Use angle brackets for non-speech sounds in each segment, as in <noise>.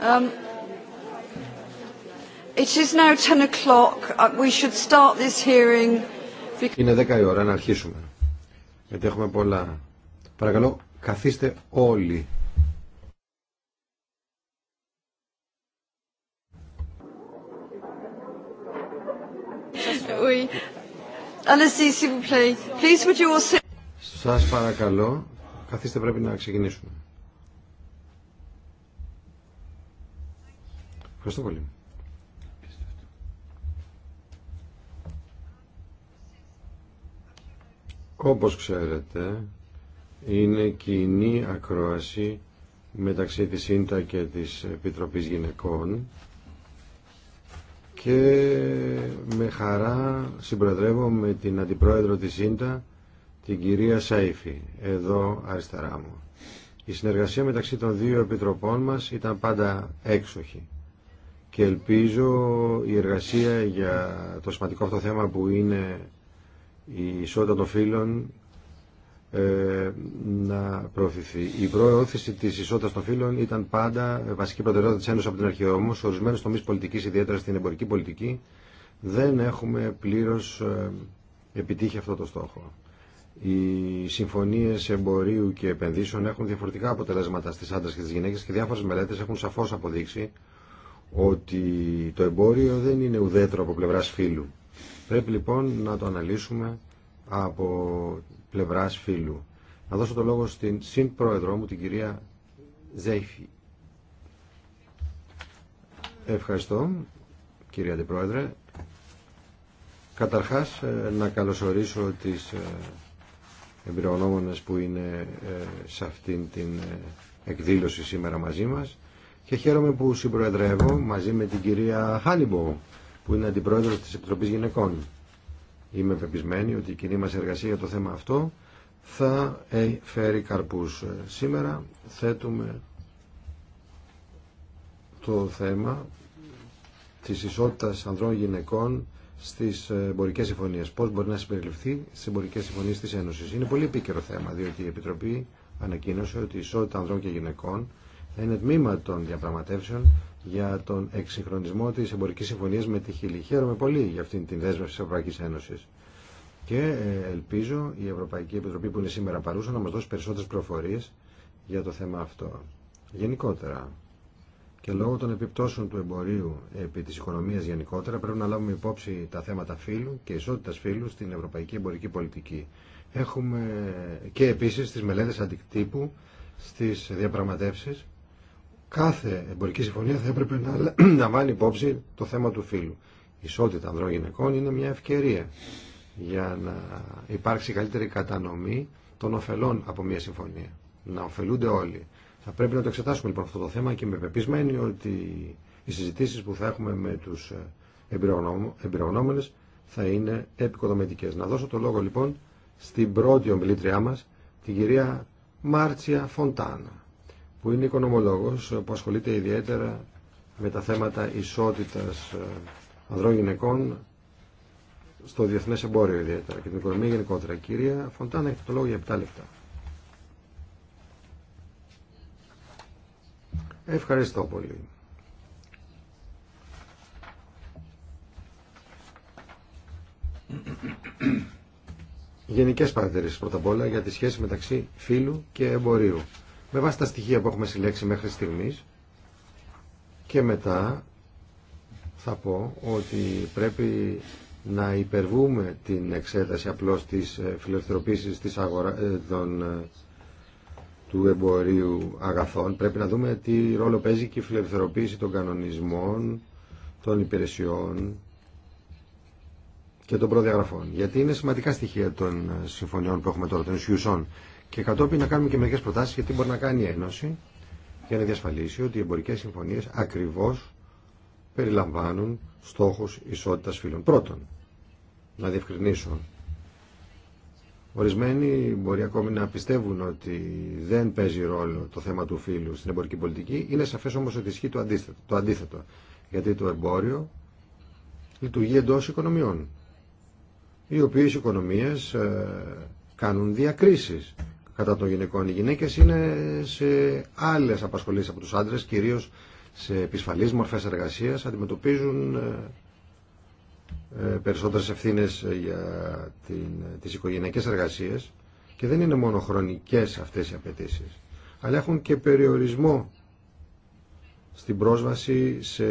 Um, it is now 10 o'clock. Uh, we should start this hearing. Είναι 10 η ώρα να αρχίσουμε. Γιατί έχουμε πολλά. Παρακαλώ, καθίστε όλοι. Σας παρακαλώ, καθίστε πρέπει να ξεκινήσουμε. Ευχαριστώ πολύ. Όπως ξέρετε, είναι κοινή ακρόαση μεταξύ της ΣΥΝΤΑ και της Επιτροπής Γυναικών και με χαρά συμπροεδρεύω με την αντιπρόεδρο της ΣΥΝΤΑ, την κυρία Σαΐφη, εδώ αριστερά μου. Η συνεργασία μεταξύ των δύο επιτροπών μας ήταν πάντα έξοχη και ελπίζω η εργασία για το σημαντικό αυτό θέμα που είναι η ισότητα των φύλων ε, να προωθηθεί. Η προώθηση τη ισότητα των φύλων ήταν πάντα βασική προτεραιότητα τη Ένωση από την αρχή. Όμω, σε ορισμένου τομεί πολιτική, ιδιαίτερα στην εμπορική πολιτική, δεν έχουμε πλήρω ε, επιτύχει αυτό το στόχο. Οι συμφωνίε εμπορίου και επενδύσεων έχουν διαφορετικά αποτελέσματα στι άντρε και τι γυναίκε και διάφορε μελέτε έχουν σαφώ αποδείξει ότι το εμπόριο δεν είναι ουδέτερο από πλευρά φύλου. Πρέπει λοιπόν να το αναλύσουμε από Πλευρά φίλου. Να δώσω το λόγο στην συμπρόεδρό μου, την κυρία Ζέιφη. Ευχαριστώ, κυρία Αντιπρόεδρε. Καταρχάς, ε, να καλωσορίσω τις ε, εμπειρογνώμονες που είναι ε, σε αυτήν την εκδήλωση σήμερα μαζί μας και χαίρομαι που συμπροεδρεύω μαζί με την κυρία Χάλιμπο που είναι αντιπρόεδρος της Επιτροπής Γυναικών. Είμαι πεπισμένη ότι η κοινή μας εργασία για το θέμα αυτό θα ε, φέρει καρπούς. Ε, σήμερα θέτουμε το θέμα της ισότητας ανδρών γυναικών στις ε, εμπορικές συμφωνίες. Πώς μπορεί να συμπεριληφθεί στις εμπορικές συμφωνίες της Ένωσης. Είναι πολύ επίκαιρο θέμα, διότι η Επιτροπή ανακοίνωσε ότι η ισότητα ανδρών και γυναικών είναι τμήμα των διαπραγματεύσεων για τον εξυγχρονισμό της εμπορικής συμφωνίας με τη Χιλή. Χαίρομαι πολύ για αυτήν την δέσμευση της Ευρωπαϊκής Ένωσης. Και ε, ελπίζω η Ευρωπαϊκή Επιτροπή που είναι σήμερα παρούσα να μας δώσει περισσότερες προφορίες για το θέμα αυτό. Γενικότερα και λόγω των επιπτώσεων του εμπορίου επί της οικονομίας γενικότερα πρέπει να λάβουμε υπόψη τα θέματα φύλου και ισότητας φύλου στην ευρωπαϊκή εμπορική πολιτική. Έχουμε ε, και επίσης τι μελέτες αντικτύπου στις διαπραγματεύσεις κάθε εμπορική συμφωνία θα έπρεπε να λαμβάνει <clears throat> υπόψη το θέμα του φύλου. Η ισότητα ανδρών γυναικών είναι μια ευκαιρία για να υπάρξει καλύτερη κατανομή των ωφελών από μια συμφωνία. Να ωφελούνται όλοι. Θα πρέπει να το εξετάσουμε λοιπόν αυτό το θέμα και είμαι πεπισμένη ότι οι συζητήσεις που θα έχουμε με τους ε, εμπειρογνώμενε θα είναι επικοδομητικέ. Να δώσω το λόγο λοιπόν στην πρώτη ομιλήτριά μα, την κυρία Μάρτσια Φοντάνα που είναι οικονομολόγος που ασχολείται ιδιαίτερα με τα θέματα ισότητας ε, ανδρών γυναικών στο διεθνές εμπόριο ιδιαίτερα και την οικονομία γενικότερα. Κυρία Φοντάνα, έχετε το λόγο για 7 λεπτά. Ευχαριστώ πολύ. Γενικές παρατηρήσεις πρώτα απ' όλα για τη σχέση μεταξύ φύλου και εμπορίου με βάση τα στοιχεία που έχουμε συλλέξει μέχρι στιγμής και μετά θα πω ότι πρέπει να υπερβούμε την εξέταση απλώς της ε, φιλελευθεροποίησης της αγορα... Ε, των... Ε, του εμπορίου αγαθών. Πρέπει να δούμε τι ρόλο παίζει και η φιλελευθεροποίηση των κανονισμών, των υπηρεσιών και των προδιαγραφών. Γιατί είναι σημαντικά στοιχεία των συμφωνιών που έχουμε τώρα, των ισχυουσών. Και κατόπιν να κάνουμε και μερικέ προτάσει γιατί τι μπορεί να κάνει η Ένωση για να διασφαλίσει ότι οι εμπορικέ συμφωνίε ακριβώ περιλαμβάνουν στόχου ισότητα φύλων. Πρώτον, να διευκρινίσω. Ορισμένοι μπορεί ακόμη να πιστεύουν ότι δεν παίζει ρόλο το θέμα του φύλου στην εμπορική πολιτική. Είναι σαφέ όμω ότι ισχύει το αντίθετο, το αντίθετο. Γιατί το εμπόριο λειτουργεί εντό οικονομιών. Οι οποίε οικονομίε ε, κάνουν διακρίσει κατά των γυναικών. Οι γυναίκες είναι σε άλλε απασχολήσει από τους άντρε, κυρίως σε επισφαλείς μορφέ εργασίας, αντιμετωπίζουν ε, ε, περισσότερες ευθύνε ε, για τι τις εργασίε και δεν είναι μόνο χρονικέ αυτές οι απαιτήσει, αλλά έχουν και περιορισμό στην πρόσβαση σε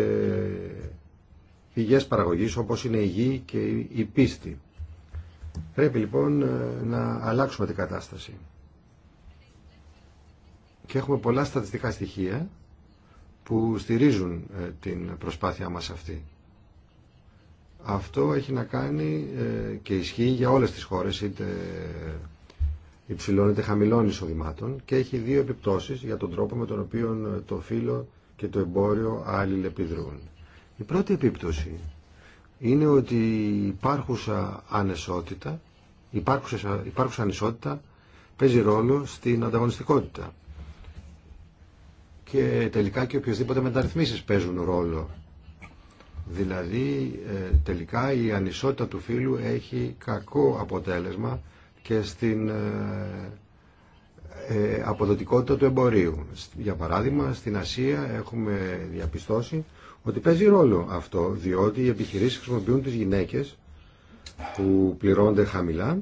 πηγές παραγωγής όπως είναι η γη και η πίστη. Πρέπει λοιπόν να αλλάξουμε την κατάσταση. Και έχουμε πολλά στατιστικά στοιχεία που στηρίζουν ε, την προσπάθειά μας αυτή. Αυτό έχει να κάνει ε, και ισχύει για όλες τις χώρες, είτε υψηλών είτε χαμηλών εισοδημάτων και έχει δύο επιπτώσεις για τον τρόπο με τον οποίο ε, το φύλλο και το εμπόριο αλληλεπιδρούν. Η πρώτη επίπτωση είναι ότι υπάρχουσα ανισότητα, υπάρχουσα, υπάρχουσα ανισότητα παίζει ρόλο στην ανταγωνιστικότητα και τελικά και οποιασδήποτε μεταρρυθμίσεις παίζουν ρόλο. Δηλαδή ε, τελικά η ανισότητα του φύλου έχει κακό αποτέλεσμα και στην ε, ε, αποδοτικότητα του εμπορίου. Για παράδειγμα στην Ασία έχουμε διαπιστώσει ότι παίζει ρόλο αυτό διότι οι επιχειρήσεις χρησιμοποιούν τις γυναίκες που πληρώνονται χαμηλά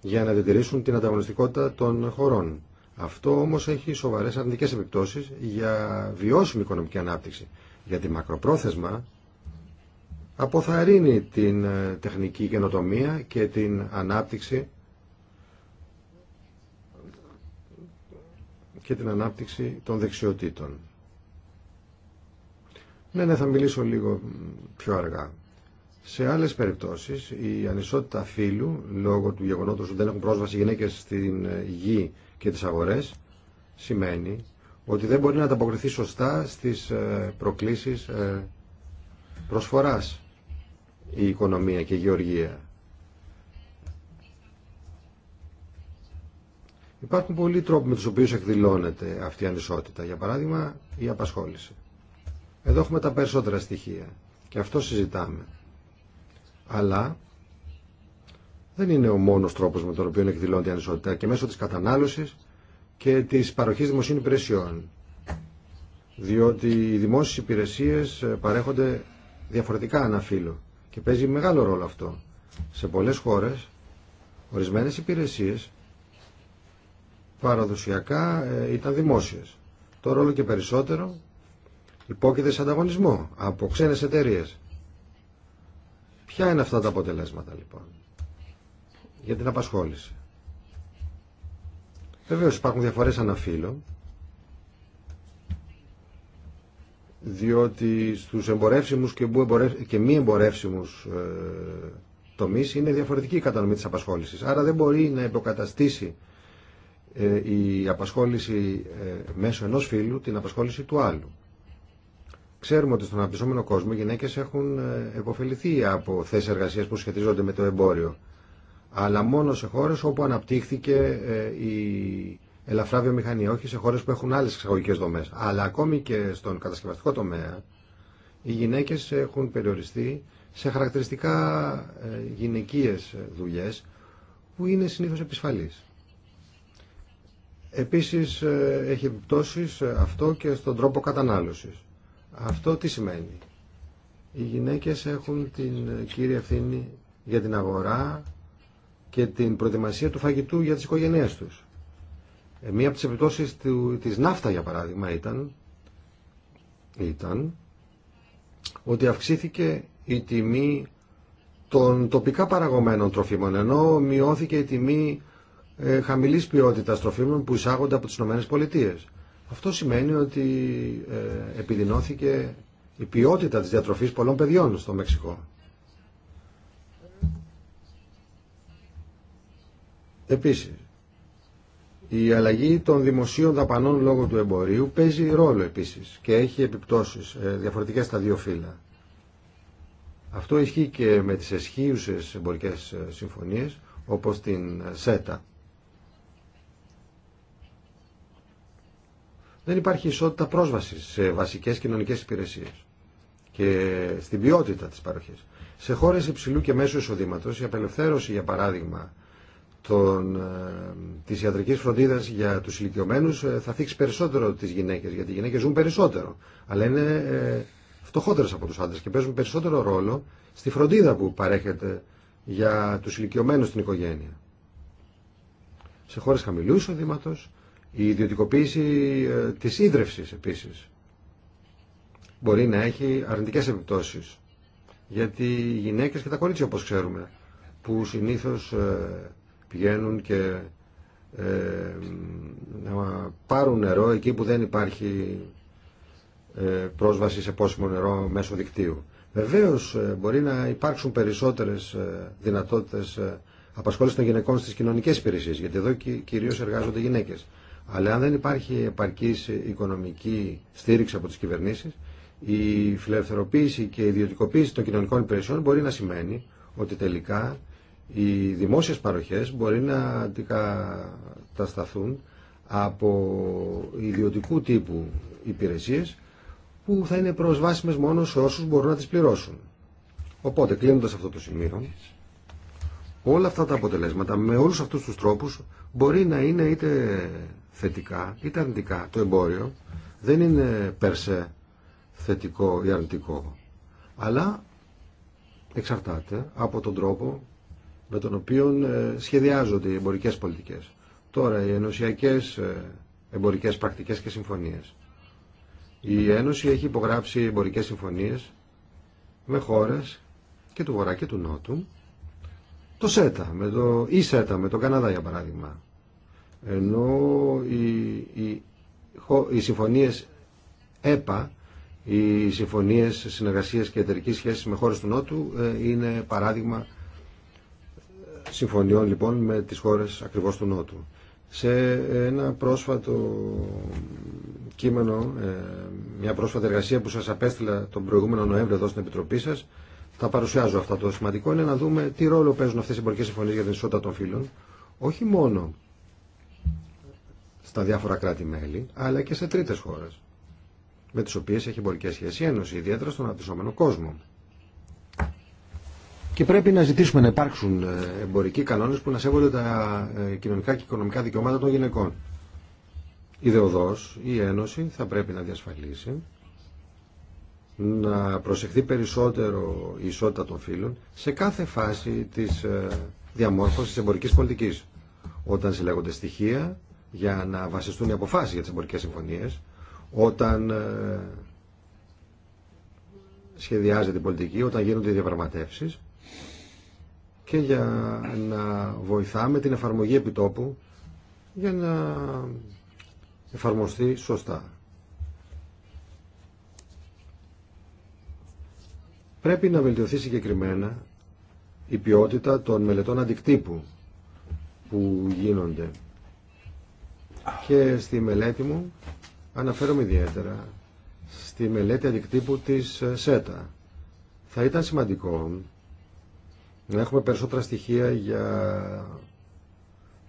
για να διατηρήσουν την ανταγωνιστικότητα των χωρών. Αυτό όμως έχει σοβαρές αρνητικές επιπτώσεις για βιώσιμη οικονομική ανάπτυξη. Γιατί μακροπρόθεσμα αποθαρρύνει την ε, τεχνική καινοτομία και την ανάπτυξη και την ανάπτυξη των δεξιοτήτων. Ναι, ναι, θα μιλήσω λίγο πιο αργά. Σε άλλες περιπτώσεις, η ανισότητα φύλου, λόγω του γεγονότος ότι δεν έχουν πρόσβαση γυναίκες στην ε, γη και τις αγορές σημαίνει ότι δεν μπορεί να ανταποκριθεί σωστά στις ε, προκλήσεις ε, προσφοράς η οικονομία και η γεωργία. Υπάρχουν πολλοί τρόποι με τους οποίους εκδηλώνεται αυτή η ανισότητα. Για παράδειγμα, η απασχόληση. Εδώ έχουμε τα περισσότερα στοιχεία και αυτό συζητάμε. Αλλά δεν είναι ο μόνος τρόπος με τον οποίο εκδηλώνεται η ανισότητα και μέσω τη κατανάλωση και τη παροχή δημοσίων υπηρεσιών. Διότι οι δημόσιες υπηρεσίες ε, παρέχονται διαφορετικά φύλλο και παίζει μεγάλο ρόλο αυτό. Σε πολλές χώρες ορισμένες υπηρεσίες παραδοσιακά ε, ήταν δημόσιες. Το ρόλο και περισσότερο υπόκειται σε ανταγωνισμό από ξένες εταιρείε. Ποια είναι αυτά τα αποτελέσματα λοιπόν για την απασχόληση. Βεβαίω υπάρχουν διαφορές αναφύλων, διότι στου εμπορεύσιμου και, και μη εμπορεύσιμου ε, τομείς είναι διαφορετική η κατανομή της απασχόλησης. Άρα δεν μπορεί να υποκαταστήσει ε, η απασχόληση ε, μέσω ενός φύλου την απασχόληση του άλλου. Ξέρουμε ότι στον αναπτυσσόμενο κόσμο οι γυναίκες έχουν ε, επωφεληθεί από θέσει εργασία που σχετίζονται με το εμπόριο αλλά μόνο σε χώρες όπου αναπτύχθηκε ε, η ελαφρά βιομηχανία, όχι σε χώρες που έχουν άλλες εξαγωγικές δομές. Αλλά ακόμη και στον κατασκευαστικό τομέα, οι γυναίκες έχουν περιοριστεί σε χαρακτηριστικά ε, γυναικείες δουλειές που είναι συνήθως επισφαλείς. Επίσης ε, έχει επιπτώσεις αυτό και στον τρόπο κατανάλωσης. Αυτό τι σημαίνει. Οι γυναίκες έχουν την κύρια ευθύνη για την αγορά, και την προετοιμασία του φαγητού για τις οικογένειές τους. Ε, μία από τις επιπτώσεις του, της ναύτα, για παράδειγμα, ήταν, ήταν ότι αυξήθηκε η τιμή των τοπικά παραγωμένων τροφίμων, ενώ μειώθηκε η τιμή ε, χαμηλής ποιότητας τροφίμων που εισάγονται από τις ΗΠΑ. Αυτό σημαίνει ότι ε, επιδεινώθηκε η ποιότητα της διατροφής πολλών παιδιών στο Μεξικό. Επίσης, η αλλαγή των δημοσίων δαπανών λόγω του εμπορίου παίζει ρόλο επίσης και έχει επιπτώσεις ε, διαφορετικές στα δύο φύλλα. Αυτό ισχύει και με τις αισχύουσε εμπορικέ ε, συμφωνίε όπως την ε, ΣΕΤΑ. Δεν υπάρχει ισότητα πρόσβασης σε βασικές κοινωνικές υπηρεσίες και στην ποιότητα της παροχής. Σε χώρες υψηλού και μέσου εισοδήματος η απελευθέρωση, για παράδειγμα, τη ε, της ιατρικής φροντίδας για τους ηλικιωμένους ε, θα θίξει περισσότερο τις γυναίκες, γιατί οι γυναίκες ζουν περισσότερο, αλλά είναι ε, φτωχότερες από τους άντρες και παίζουν περισσότερο ρόλο στη φροντίδα που παρέχεται για τους ηλικιωμένους στην οικογένεια. Σε χώρες χαμηλού εισοδήματος, η ιδιωτικοποίηση της ίδρυυσης επίσης μπορεί να έχει αρνητικές επιπτώσεις. Γιατί οι γυναίκες και τα κορίτσια όπως ξέρουμε που συνήθως πηγαίνουν και ε, να πάρουν νερό εκεί που δεν υπάρχει ε, πρόσβαση σε πόσιμο νερό μέσω δικτύου. Βεβαίως ε, μπορεί να υπάρξουν περισσότερες ε, δυνατότητες ε, απασχόλησης των γυναικών στις κοινωνικές υπηρεσίες, γιατί εδώ κυ κυρίως εργάζονται γυναίκες. Αλλά αν δεν υπάρχει επαρκής οικονομική στήριξη από τις κυβερνήσεις, η φιλελευθερωποίηση και η ιδιωτικοποίηση των κοινωνικών υπηρεσιών μπορεί να σημαίνει ότι τελικά οι δημόσιες παροχές μπορεί να αντικατασταθούν από ιδιωτικού τύπου υπηρεσίες που θα είναι προσβάσιμες μόνο σε όσους μπορούν να τις πληρώσουν. Οπότε κλείνοντας αυτό το σημείο, όλα αυτά τα αποτελέσματα με όλους αυτούς τους τρόπους μπορεί να είναι είτε θετικά είτε αρνητικά. Το εμπόριο δεν είναι περσέ θετικό ή αρνητικό, αλλά εξαρτάται από τον τρόπο με τον οποίο ε, σχεδιάζονται οι εμπορικές πολιτικές. Τώρα οι ενωσιακές ε, εμπορικές πρακτικές και συμφωνίες. Η Ένωση έχει υπογράψει εμπορικές συμφωνίες με χώρες και του Βορρά και του Νότου. Το ΣΕΤΑ, με το, ή ΣΕΤΑ με τον Καναδά για παράδειγμα. Ενώ οι, οι, οι συμφωνίες ΕΠΑ, οι συμφωνίες συνεργασίας και εταιρικής σχέσης με χώρες του Νότου ε, είναι παράδειγμα συμφωνιών λοιπόν με τις χώρες ακριβώς του Νότου. Σε ένα πρόσφατο κείμενο, ε, μια πρόσφατη εργασία που σας απέστειλα τον προηγούμενο Νοέμβριο εδώ στην Επιτροπή σας, θα παρουσιάζω αυτά. Το σημαντικό είναι να δούμε τι ρόλο παίζουν αυτές οι εμπορικές συμφωνίες για την ισότητα των φύλων, όχι μόνο στα διάφορα κράτη-μέλη, αλλά και σε τρίτες χώρες, με τις οποίες έχει εμπορικές σχέσεις η Ένωση, ιδιαίτερα στον αντισώμενο κόσμο. Και πρέπει να ζητήσουμε να υπάρξουν ε, εμπορικοί κανόνες που να σέβονται τα ε, κοινωνικά και οικονομικά δικαιώματα των γυναικών. Η ΔΕΟΔΟΣ, η Ένωση θα πρέπει να διασφαλίσει να προσεχθεί περισσότερο η ισότητα των φύλων σε κάθε φάση της ε, διαμόρφωσης τη εμπορικής πολιτικής. Όταν συλλέγονται στοιχεία για να βασιστούν οι αποφάσεις για τις εμπορικές συμφωνίες, όταν σχεδιάζεται η πολιτική, όταν γίνονται οι διαπραγματεύσεις και για να βοηθάμε την εφαρμογή επιτόπου για να εφαρμοστεί σωστά. Πρέπει να βελτιωθεί συγκεκριμένα η ποιότητα των μελετών αντικτύπου που γίνονται. Και στη μελέτη μου αναφέρομαι ιδιαίτερα στη μελέτη αντικτύπου της ΣΕΤΑ. Θα ήταν σημαντικό να έχουμε περισσότερα στοιχεία για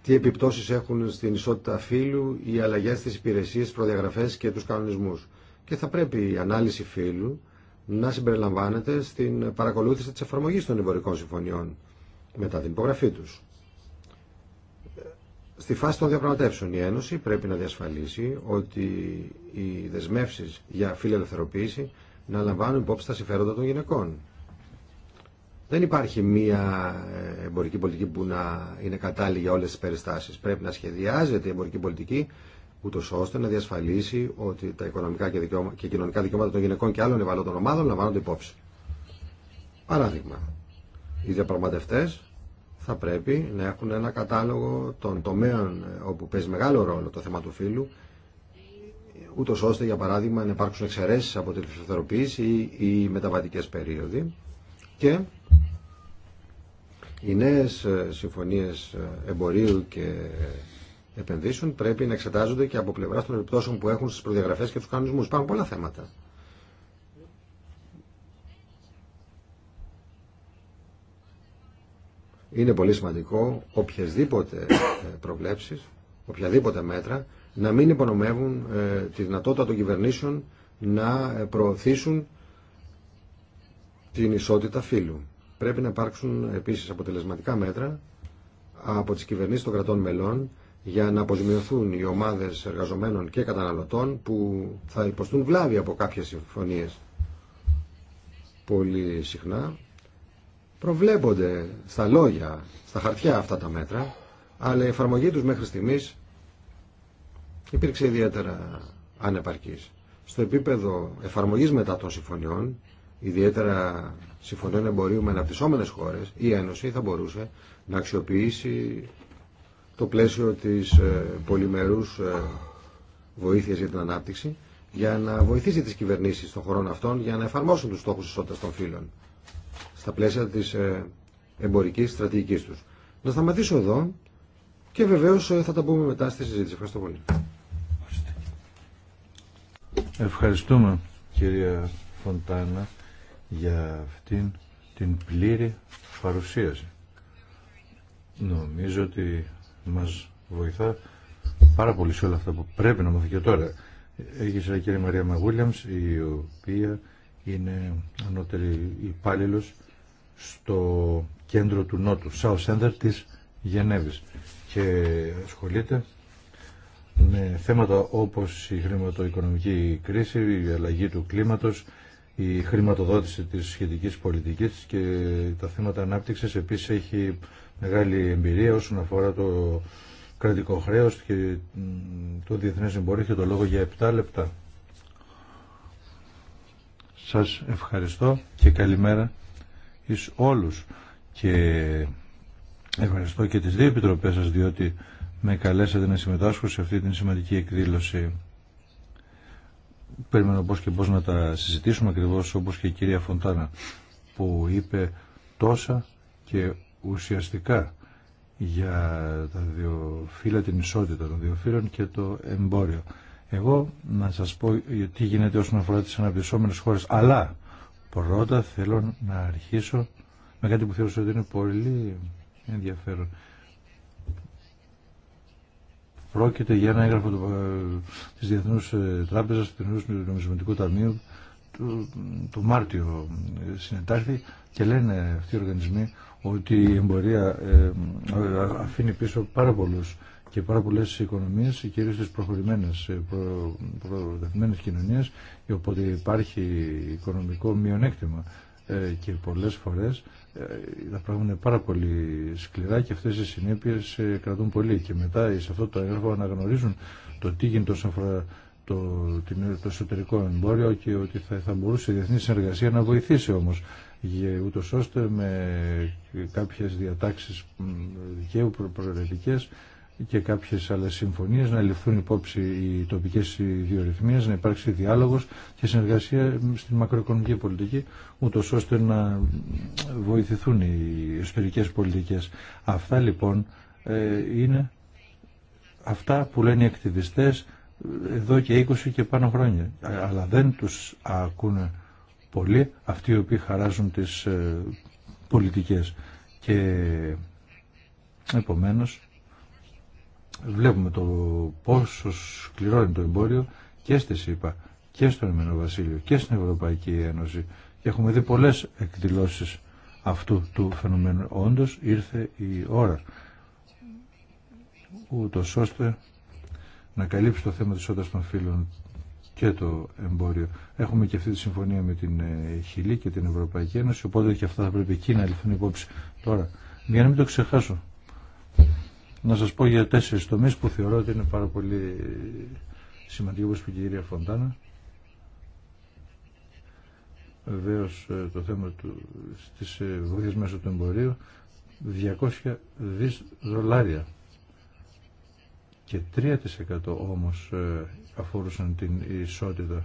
τι επιπτώσεις έχουν στην ισότητα φύλου οι αλλαγές στις υπηρεσίες, προδιαγραφές και τους κανονισμούς. Και θα πρέπει η ανάλυση φύλου να συμπεριλαμβάνεται στην παρακολούθηση της εφαρμογής των εμπορικών συμφωνιών μετά την υπογραφή τους. Στη φάση των διαπραγματεύσεων η Ένωση πρέπει να διασφαλίσει ότι οι δεσμεύσεις για φιλελευθερωποίηση να λαμβάνουν υπόψη τα συμφέροντα των γυναικών. Δεν υπάρχει μία ε, εμπορική πολιτική που να είναι κατάλληλη για όλες τις περιστάσεις. Πρέπει να σχεδιάζεται η εμπορική πολιτική ούτω ώστε να διασφαλίσει ότι τα οικονομικά και, δικαιώμα... και κοινωνικά δικαιώματα των γυναικών και άλλων ευαλότων ομάδων λαμβάνονται υπόψη. Παράδειγμα, οι διαπραγματευτέ θα πρέπει να έχουν ένα κατάλογο των τομέων ε, όπου παίζει μεγάλο ρόλο το θέμα του φύλου, ούτω ώστε, για παράδειγμα, να υπάρξουν εξαιρέσει από τη ελευθεροποίηση ή, ή μεταβατικέ περίοδοι και οι νέε συμφωνίε ε, εμπορίου και επενδύσεων πρέπει να εξετάζονται και από πλευρά των επιπτώσεων που έχουν στις προδιαγραφέ και του κανονισμού. Υπάρχουν πολλά θέματα. Είναι πολύ σημαντικό οποιασδήποτε ε, προβλέψεις, οποιαδήποτε μέτρα να μην υπονομεύουν ε, τη δυνατότητα των κυβερνήσεων να προωθήσουν την ισότητα φύλου. Πρέπει να υπάρξουν επίσης αποτελεσματικά μέτρα από τις κυβερνήσεις των κρατών μελών για να αποζημιωθούν οι ομάδες εργαζομένων και καταναλωτών που θα υποστούν βλάβη από κάποιες συμφωνίε Πολύ συχνά προβλέπονται στα λόγια, στα χαρτιά αυτά τα μέτρα, αλλά η εφαρμογή τους μέχρι στιγμής υπήρξε ιδιαίτερα ανεπαρκής. Στο επίπεδο εφαρμογής μετά των συμφωνιών ιδιαίτερα συμφωνών εμπορίου με αναπτυσσόμενε χώρε η Ένωση θα μπορούσε να αξιοποιήσει το πλαίσιο της ε, πολυμερούς ε, βοήθεια για την ανάπτυξη για να βοηθήσει τι κυβερνήσει των χωρών αυτών για να εφαρμόσουν του στόχου ισότητα των φύλων στα πλαίσια της ε, εμπορική στρατηγική του. Να σταματήσω εδώ και βεβαίως θα τα πούμε μετά στη συζήτηση. Ευχαριστώ πολύ. Ευχαριστούμε κυρία Φοντάνα για αυτήν την πλήρη παρουσίαση. Νομίζω ότι μας βοηθά πάρα πολύ σε όλα αυτά που πρέπει να μάθει και τώρα. Έχει η κυρία Μαρία Μαγούλιαμς, η οποία είναι ανώτερη υπάλληλο στο κέντρο του Νότου, South Center της Γενέβης και ασχολείται με θέματα όπως η χρηματοοικονομική κρίση, η αλλαγή του κλίματος, η χρηματοδότηση της σχετικής πολιτικής και τα θέματα ανάπτυξης επίσης έχει μεγάλη εμπειρία όσον αφορά το κρατικό χρέος και το διεθνές εμπορίο και το λόγο για 7 λεπτά. Σας ευχαριστώ και καλημέρα εις όλους και ευχαριστώ και τις δύο επιτροπές σας διότι με καλέσατε να συμμετάσχω σε αυτή την σημαντική εκδήλωση περιμένω πώς και πώς να τα συζητήσουμε ακριβώς όπως και η κυρία Φοντάνα που είπε τόσα και ουσιαστικά για τα δύο φύλλα, την ισότητα των δύο φύλων και το εμπόριο. Εγώ να σας πω τι γίνεται όσον αφορά τις αναπτυσσόμενες χώρες, αλλά πρώτα θέλω να αρχίσω με κάτι που θεωρώ ότι είναι πολύ ενδιαφέρον. Πρόκειται για ένα έγγραφο τη Διεθνού Τράπεζα, του ε, Διεθνού ε, Νομισματικού Ταμείου, του, του Μάρτιο ε, συνετάχθη και λένε αυτοί οι οργανισμοί ότι η εμπορία αφήνει πίσω πάρα πολλού και πάρα πολλέ οικονομίε, κυρίω στι προχωρημένε, προοδευμένε κοινωνίε, οπότε υπάρχει οικονομικό μειονέκτημα ε, και πολλές φορές ε, τα πράγματα είναι πάρα πολύ σκληρά και αυτές οι συνέπειες ε, κρατούν πολύ και μετά σε αυτό το έργο αναγνωρίζουν το τι γίνεται όσον αφορά το, το εσωτερικό εμπόριο και ότι θα, θα μπορούσε η διεθνή συνεργασία να βοηθήσει όμως ούτω ώστε με κάποιες διατάξεις δικαίου προαιρετικές και κάποιες άλλες συμφωνίες, να ληφθούν υπόψη οι τοπικές ιδιορυθμίες, να υπάρξει διάλογος και συνεργασία στην μακροοικονομική πολιτική, ούτω ώστε να βοηθηθούν οι εσωτερικέ πολιτικές. Αυτά λοιπόν ε, είναι αυτά που λένε οι ακτιβιστές εδώ και 20 και πάνω χρόνια. Αλλά δεν τους ακούνε πολλοί αυτοί οι οποίοι χαράζουν τις ε, πολιτικές. Και επομένως βλέπουμε το πόσο σκληρό είναι το εμπόριο και στη ΣΥΠΑ και στον Εμένο Βασίλειο και στην Ευρωπαϊκή Ένωση και έχουμε δει πολλές εκδηλώσεις αυτού του φαινομένου. Όντως ήρθε η ώρα ούτω ώστε να καλύψει το θέμα της όντας των φίλων και το εμπόριο. Έχουμε και αυτή τη συμφωνία με την ε, Χιλή και την Ευρωπαϊκή Ένωση, οπότε και αυτά θα πρέπει εκεί να ληφθούν υπόψη. Τώρα, για να μην το ξεχάσω, να σας πω για τέσσερις τομείς που θεωρώ ότι είναι πάρα πολύ σημαντικό όπως είπε η κυρία Φοντάνα. Βεβαίω ε, το θέμα του, της ε, βοήθειας μέσω του εμπορίου 200 δις δολάρια και 3% όμως ε, αφορούσαν την ισότητα.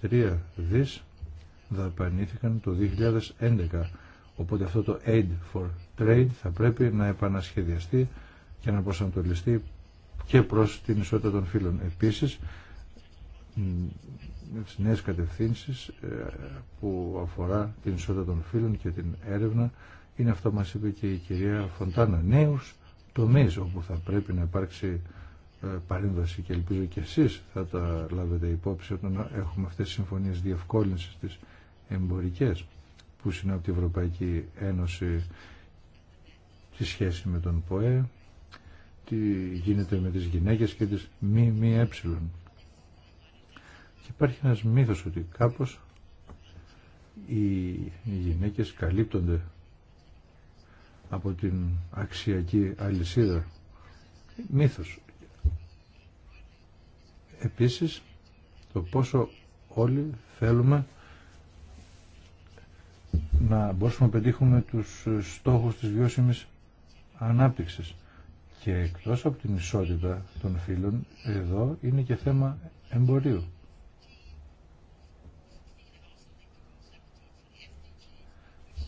1,3 δις δαπανήθηκαν το 2011 Οπότε αυτό το aid for trade θα πρέπει να επανασχεδιαστεί και να προσανατολιστεί και προς την ισότητα των φύλων. Επίσης, στις νέες κατευθύνσεις ε, που αφορά την ισότητα των φύλων και την έρευνα είναι αυτό που μας είπε και η κυρία Φοντάνα. Νέους τομείς όπου θα πρέπει να υπάρξει ε, παρέμβαση και ελπίζω και εσείς θα τα λάβετε υπόψη όταν έχουμε αυτές τις συμφωνίες διευκόλυνσης της εμπορικές που από την Ευρωπαϊκή Ένωση τη σχέση με τον ΠΟΕ, τι γίνεται με τις γυναίκες και τις μη μη έψιλον. Ε. Και υπάρχει ένας μύθος ότι κάπως οι γυναίκες καλύπτονται από την αξιακή αλυσίδα. Μύθος. Επίσης, το πόσο όλοι θέλουμε να μπορούμε να πετύχουμε τους στόχους της βιώσιμης ανάπτυξης. Και εκτός από την ισότητα των φύλων, εδώ είναι και θέμα εμπορίου.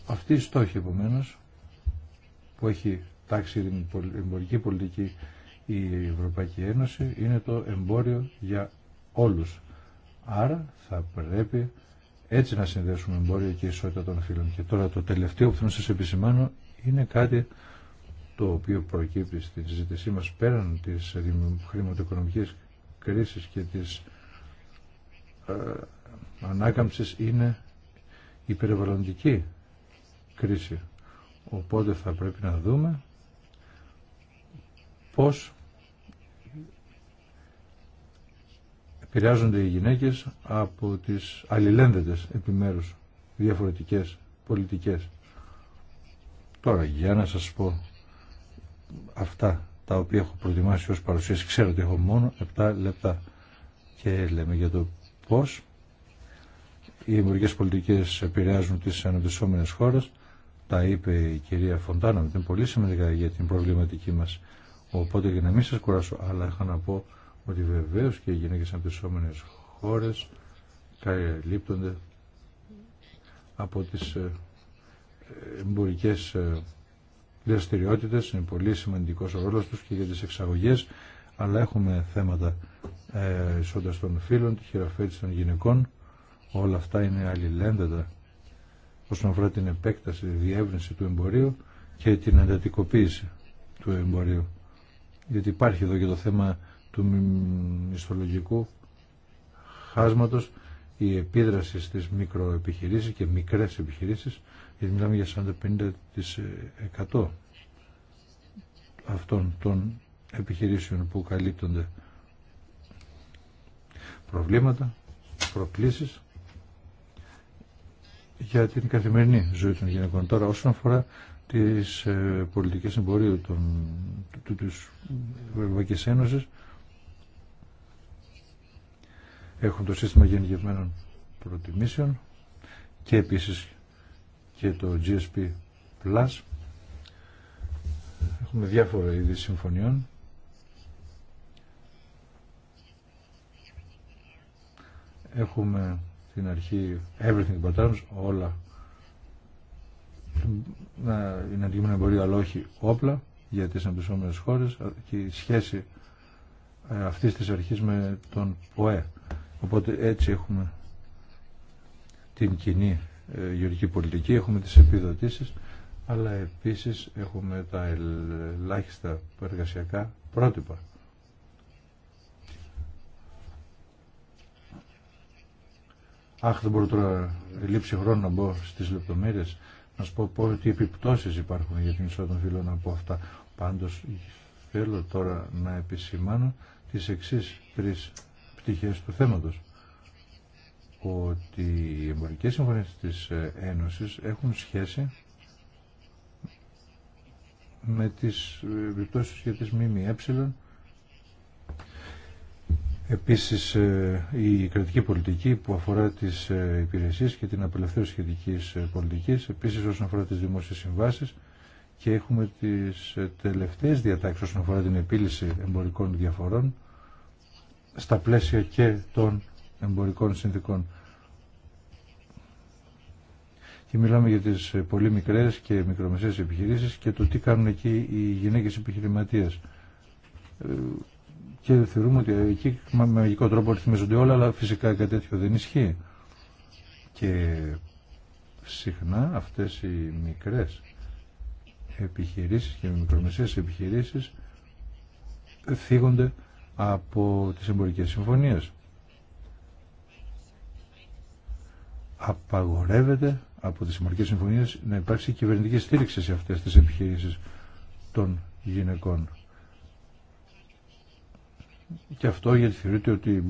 Αυτή η στόχη, επομένω, που έχει τάξει την εμπορική πολιτική η Ευρωπαϊκή Ένωση, είναι το εμπόριο για όλους. Άρα θα πρέπει έτσι να συνδέσουμε εμπόριο και ισότητα των φίλων. Και τώρα το τελευταίο που θέλω να σας επισημάνω είναι κάτι το οποίο προκύπτει στη συζήτησή μας πέραν της χρηματοοικονομικής κρίσης και της ε, ανάκαμψης είναι η περιβαλλοντική κρίση. Οπότε θα πρέπει να δούμε πώς επηρεάζονται οι γυναίκες από τις αλληλένδετες επιμέρους διαφορετικές πολιτικές. Τώρα για να σας πω αυτά τα οποία έχω προετοιμάσει ως παρουσίαση. Ξέρω ότι έχω μόνο 7 λεπτά και λέμε για το πώς οι εμπορικές πολιτικές επηρεάζουν τις αναπτυσσόμενες χώρες. Τα είπε η κυρία Φοντάνα, είναι πολύ σημαντικά για την προβληματική μας. Οπότε για να μην σας κουράσω, αλλά είχα να πω ότι βεβαίω και οι γυναίκες αντισώμενες χώρε καλύπτονται από τις ε, εμπορικές ε, δραστηριότητε, είναι πολύ σημαντικό ο ρόλο τους και για τις εξαγωγές, αλλά έχουμε θέματα ε, ισότητα των φίλων, τη χειραφέτηση των γυναικών, όλα αυτά είναι αλληλένδετα όσον αφορά την επέκταση, τη διεύρυνση του εμπορίου και την εντατικοποίηση του εμπορίου. Γιατί υπάρχει εδώ και το θέμα του μισθολογικού χάσματος, η επίδραση στις μικροεπιχειρήσεις και μικρές επιχειρήσεις, γιατί μιλάμε για 40-50% αυτών των επιχειρήσεων που καλύπτονται προβλήματα, προκλήσεις για την καθημερινή ζωή των γυναικών. Τώρα όσον αφορά τις ε, πολιτικές εμπορίου των, του, της Ευρωπαϊκής Ένωσης, έχουν το σύστημα γενικευμένων προτιμήσεων και επίσης και το GSP Plus. Έχουμε διάφορα είδη συμφωνιών. Έχουμε την αρχή everything but arms, όλα να είναι αντικείμενο εμπορίου αλλά όχι όπλα για τις αντισώμενες χώρες και η σχέση ε, αυτής της αρχής με τον ΟΕ. Οπότε έτσι έχουμε την κοινή ε, γεωργική πολιτική, έχουμε τις επιδοτήσεις, αλλά επίσης έχουμε τα ελάχιστα εργασιακά πρότυπα. Αχ, δεν μπορώ τώρα λήψη χρόνου να μπω στις λεπτομέρειες, να σου πω, πω τι επιπτώσεις υπάρχουν για την ισότητα των φύλων από αυτά. Πάντως θέλω τώρα να επισημάνω τις εξής τρεις πτυχές του θέματος. Ότι οι εμπορικές συμφωνίες της ε, Ένωσης έχουν σχέση με τις ε, επιπτώσεις για τις ΜΜΕ. Επίσης ε, η κρατική πολιτική που αφορά τις υπηρεσίες και την απελευθέρωση σχετικής πολιτικής, επίσης όσον αφορά τις δημόσιες συμβάσεις και έχουμε τις τελευταίες διατάξεις όσον αφορά την επίλυση εμπορικών διαφορών στα πλαίσια και των εμπορικών συνθήκων. Και μιλάμε για τις πολύ μικρές και μικρομεσαίες επιχειρήσεις και το τι κάνουν εκεί οι γυναίκες επιχειρηματίες. Ε, και θεωρούμε ότι εκεί με μαγικό τρόπο ρυθμίζονται όλα, αλλά φυσικά κάτι τέτοιο δεν ισχύει. Και συχνά αυτές οι μικρές επιχειρήσεις και οι μικρομεσαίες επιχειρήσεις θίγονται από τις εμπορικές συμφωνίες. Απαγορεύεται από τις εμπορικές συμφωνίες να υπάρξει κυβερνητική στήριξη σε αυτές τις επιχειρήσεις των γυναικών. Και αυτό γιατί θεωρείται ότι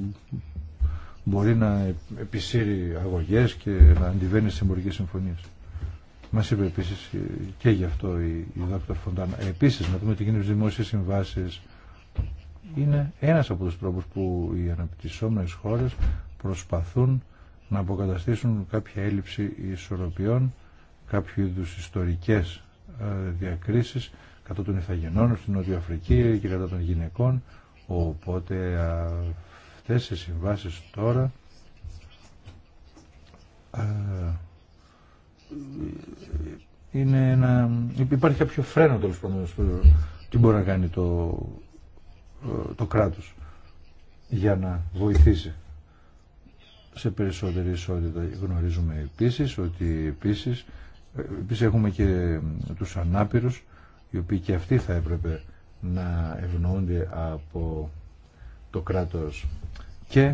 μπορεί να επισύρει αγωγές και να αντιβαίνει στις εμπορικές συμφωνίες. Μα είπε επίση και γι' αυτό η, η Δ. Φοντάνα. Επίση, να δούμε τι γίνεται στι δημόσιε συμβάσει, είναι ένας από τους τρόπους που οι αναπτυσσόμενες χώρες προσπαθούν να αποκαταστήσουν κάποια έλλειψη ισορροπιών, κάποιου είδου ιστορικές ε, διακρίσεις κατά των Ιθαγενών στην Νότια Αφρική και κατά των γυναικών. Οπότε αυτές οι συμβάσεις τώρα ε, είναι ένα... υπάρχει κάποιο φρένο τέλος πάντων τι μπορεί να κάνει το ε, το κράτος για να βοηθήσει σε περισσότερη ισότητα. Γνωρίζουμε επίσης ότι επίσης, ε, επίσης έχουμε και ε, τους ανάπηρους οι οποίοι και αυτοί θα έπρεπε να ευνοούνται από το κράτος και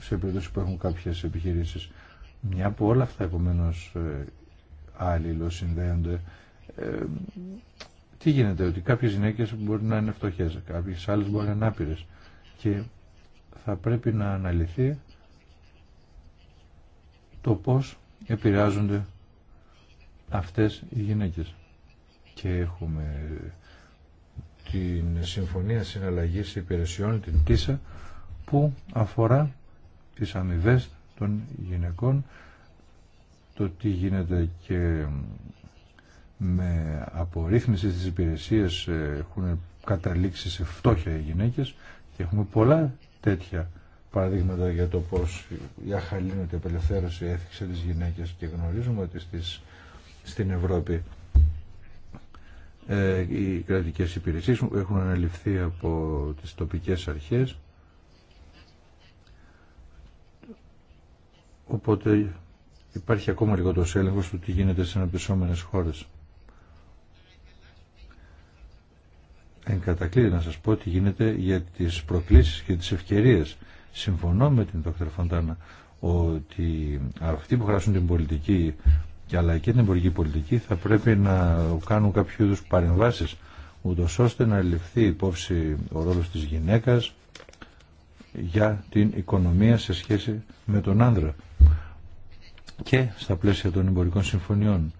σε περίπτωση που έχουν κάποιες επιχειρήσεις. Μια που όλα αυτά επομένως αλληλοσυνδέονται, συνδέονται τι γίνεται, ότι κάποιες γυναίκες μπορεί να είναι φτωχές, κάποιες άλλες μπορεί να είναι άπειρες και θα πρέπει να αναλυθεί το πώς επηρεάζονται αυτές οι γυναίκες. Και έχουμε την Συμφωνία Συναλλαγής Υπηρεσιών, την ΤΙΣΑ, που αφορά τις αμοιβέ των γυναικών, το τι γίνεται και με απορρίθμιση στις υπηρεσίες ε, έχουν καταλήξει σε φτώχεια οι γυναίκες και έχουμε πολλά τέτοια παραδείγματα για το πώς η αχαλήνωτη απελευθέρωση έθιξε τις γυναίκες και γνωρίζουμε ότι στις, στην Ευρώπη ε, οι κρατικές υπηρεσίες έχουν αναλυφθεί από τις τοπικές αρχές οπότε υπάρχει ακόμα λιγότερο έλεγχο του τι γίνεται σε αναπτυσσόμενες χώρες. εν κατακλείδη να σας πω τι γίνεται για τις προκλήσεις και τις ευκαιρίες. Συμφωνώ με την Δ. Φοντάνα ότι αυτοί που χράσουν την πολιτική και αλλά και την εμπορική πολιτική θα πρέπει να κάνουν κάποιο είδου παρεμβάσεις ούτως ώστε να ληφθεί υπόψη ο ρόλος της γυναίκας για την οικονομία σε σχέση με τον άνδρα και στα πλαίσια των εμπορικών συμφωνιών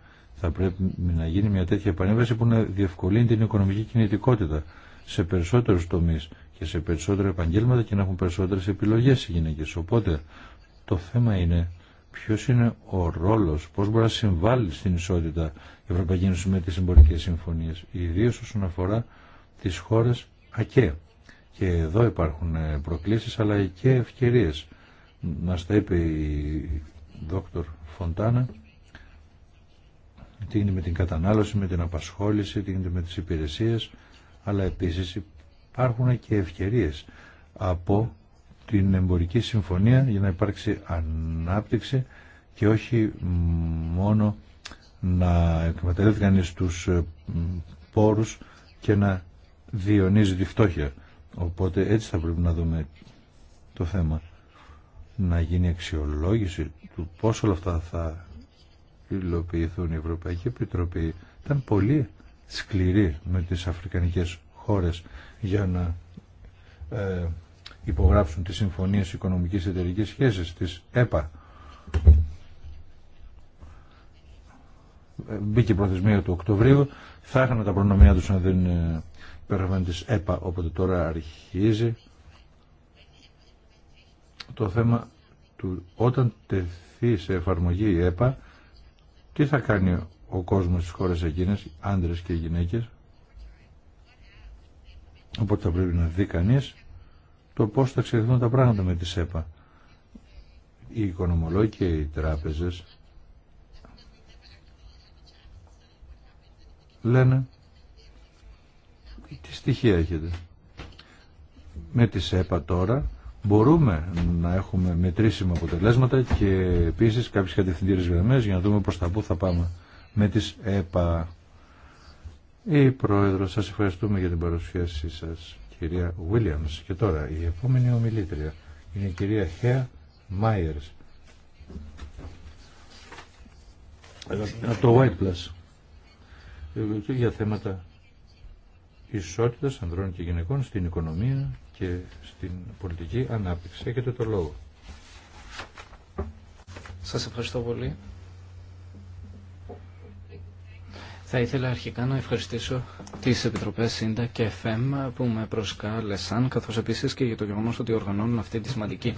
θα πρέπει να γίνει μια τέτοια επανέμβαση που να διευκολύνει την οικονομική κινητικότητα σε περισσότερου τομεί και σε περισσότερα επαγγέλματα και να έχουν περισσότερε επιλογέ οι γυναίκε. Οπότε το θέμα είναι ποιο είναι ο ρόλο πώ μπορεί να συμβάλλει στην ισότητα η Ευρωπαϊκή Ένωση με τι εμπορικέ συμφωνίε, ιδίω όσον αφορά τι χώρε ΑΚΕ. Και εδώ υπάρχουν ε, προκλήσει αλλά και ευκαιρίε, μα τα είπε η δόκτωρ Φοντάνα τι γίνεται με την κατανάλωση, με την απασχόληση, τι γίνεται με τις υπηρεσίες, αλλά επίσης υπάρχουν και ευκαιρίες από την εμπορική συμφωνία για να υπάρξει ανάπτυξη και όχι μόνο να εκμεταλλεύει κανεί τους ε, πόρους και να διονύζει τη φτώχεια. Οπότε έτσι θα πρέπει να δούμε το θέμα. Να γίνει αξιολόγηση του πώς όλα αυτά θα υλοποιηθούν. Η Ευρωπαϊκή Επιτροπή ήταν πολύ σκληρή με τις αφρικανικές χώρες για να ε, υπογράψουν τις συμφωνίες οικονομικής εταιρικής σχέσης της ΕΠΑ. Ε, μπήκε η προθεσμία του Οκτωβρίου, θα είχαν τα προνομιά τους να δεν ε, υπέγραφαν της ΕΠΑ, οπότε τώρα αρχίζει το θέμα του όταν τεθεί σε εφαρμογή η ΕΠΑ τι θα κάνει ο κόσμος στις χώρες εκείνες, άντρες και γυναίκες. Οπότε θα πρέπει να δει κανεί το πώς θα εξελιχθούν τα πράγματα με τη ΣΕΠΑ. Οι οικονομολόγοι και οι τράπεζες λένε τι στοιχεία έχετε. Με τη ΣΕΠΑ τώρα μπορούμε να έχουμε μετρήσιμα αποτελέσματα και επίσης κάποιες κατευθυντήρες γραμμές για να δούμε προς τα πού θα πάμε με τις ΕΠΑ. Η Πρόεδρο, σας ευχαριστούμε για την παρουσίασή σας, κυρία Williams. Και τώρα η επόμενη ομιλήτρια είναι η κυρία Χέα Μάιερς. Από ε, το White Plus. Ε, για θέματα ισότητα ανδρών και γυναικών στην οικονομία και στην πολιτική ανάπτυξη. Έχετε το λόγο. Σας ευχαριστώ πολύ. Θα ήθελα αρχικά να ευχαριστήσω τις Επιτροπές ΣΥΝΤΑ και ΕΦΕΜ που με προσκάλεσαν, καθώς επίσης και για το γεγονός ότι οργανώνουν αυτή τη σημαντική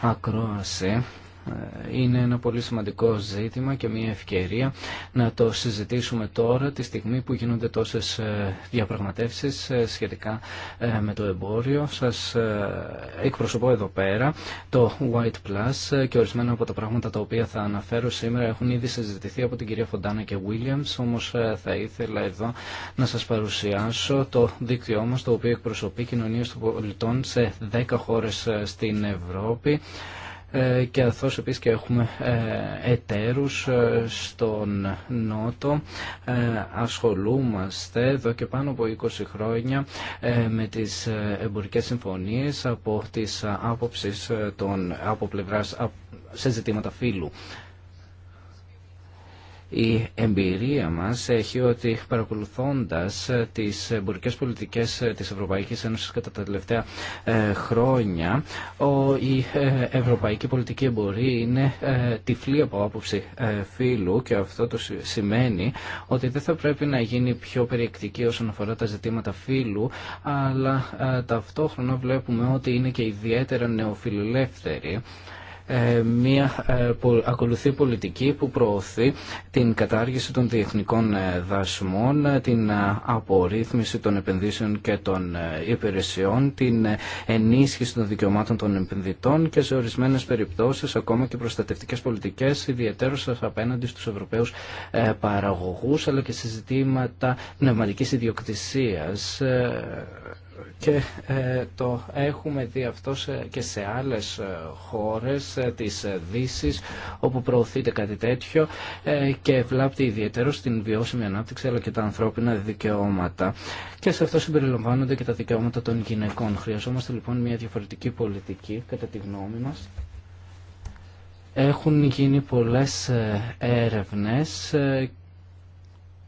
ακρόαση ε, είναι ένα πολύ σημαντικό ζήτημα και μια ευκαιρία να το συζητήσουμε τώρα τη στιγμή που γίνονται τόσες ε, διαπραγματεύσεις ε, σχετικά με το εμπόριο. Σας εκπροσωπώ εδώ πέρα το White Plus και ορισμένα από τα πράγματα τα οποία θα αναφέρω σήμερα έχουν ήδη συζητηθεί από την κυρία Φοντάνα και Williams όμως θα ήθελα εδώ να σας παρουσιάσω το δίκτυό μας το οποίο εκπροσωπεί κοινωνίες των πολιτών σε 10 χώρες στην Ευρώπη. Ε, και αθώς επίσης και έχουμε ε, εταίρους ε, στον Νότο. Ασχολούμαστε εδώ και πάνω από 20 χρόνια με τις εμπορικές συμφωνίες από τις άποψεις των, από πλευράς σε ζητήματα φύλου. Η εμπειρία μας έχει ότι παρακολουθώντας τις εμπορικές πολιτικές της Ευρωπαϊκής Ένωσης κατά τα τελευταία ε, χρόνια, η ε, ευρωπαϊκή πολιτική εμπορία είναι ε, τυφλή από άποψη φύλου και αυτό το σημαίνει ότι δεν θα πρέπει να γίνει πιο περιεκτική όσον αφορά τα ζητήματα φύλου, αλλά ταυτόχρονα βλέπουμε ότι είναι και ιδιαίτερα νεοφιλελεύθερη ε, μια, ε, ακολουθεί πολιτική που προωθεί την κατάργηση των διεθνικών ε, δασμών, την απορρίθμιση των επενδύσεων και των υπηρεσιών, την ενίσχυση των δικαιωμάτων των επενδυτών και σε ορισμένες περιπτώσεις ακόμα και προστατευτικές πολιτικές ιδιαίτερως απέναντι στους Ευρωπαίους παραγωγούς αλλά και σε ζητήματα πνευματικής ιδιοκτησίας και ε, το έχουμε δει αυτό και σε άλλες ε, χώρες ε, της Δύσης όπου προωθείται κάτι τέτοιο και βλάπτει ιδιαίτερο στην βιώσιμη ανάπτυξη αλλά και τα ανθρώπινα δικαιώματα. Και σε αυτό συμπεριλαμβάνονται και τα δικαιώματα των γυναικών. Χρειαζόμαστε λοιπόν μια διαφορετική πολιτική κατά τη γνώμη μας. Έχουν γίνει πολλές έρευνες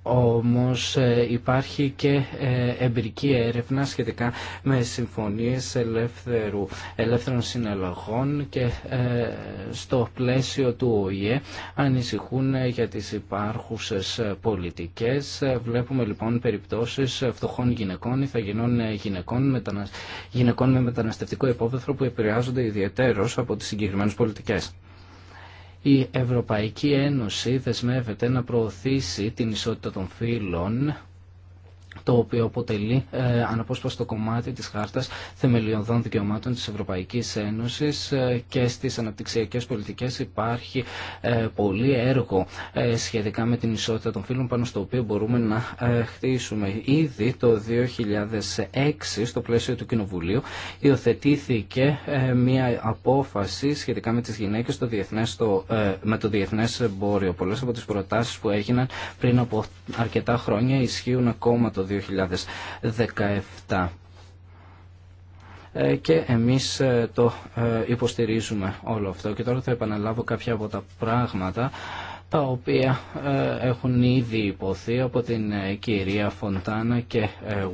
όμως ε, υπάρχει και ε, εμπειρική έρευνα σχετικά με συμφωνίες ελεύθερου, ελεύθερων συναλλαγών και ε, στο πλαίσιο του ΟΗΕ ανησυχούν για τις υπάρχουσες πολιτικές. Βλέπουμε λοιπόν περιπτώσεις φτωχών γυναικών ή θα γινών γυναικών, γυναικών με μεταναστευτικό υπόβεθρο που επηρεάζονται ιδιαίτερως από τις συγκεκριμένες πολιτικές. Η Ευρωπαϊκή Ένωση δεσμεύεται να προωθήσει την ισότητα των φύλων το οποίο αποτελεί ε, αναπόσπαστο κομμάτι της Χάρτας Θεμελιωδών Δικαιωμάτων της Ευρωπαϊκής Ένωσης ε, και στις αναπτυξιακές πολιτικές υπάρχει ε, πολύ έργο σχετικά με την ισότητα των φύλων πάνω στο οποίο μπορούμε να χτίσουμε. Ήδη το 2006 στο πλαίσιο του Κοινοβουλίου υιοθετήθηκε μια απόφαση σχετικά με τις γυναίκες διεθνές, με το διεθνές εμπόριο. Πολλές από τις προτάσεις που έγιναν πριν από αρκετά χρόνια ισχύουν ακόμα το 2017 ε, και εμείς ε, το ε, υποστηρίζουμε όλο αυτό. Και τώρα θα επαναλάβω κάποια από τα πράγματα τα οποία έχουν ήδη υποθεί από την κυρία Φοντάνα και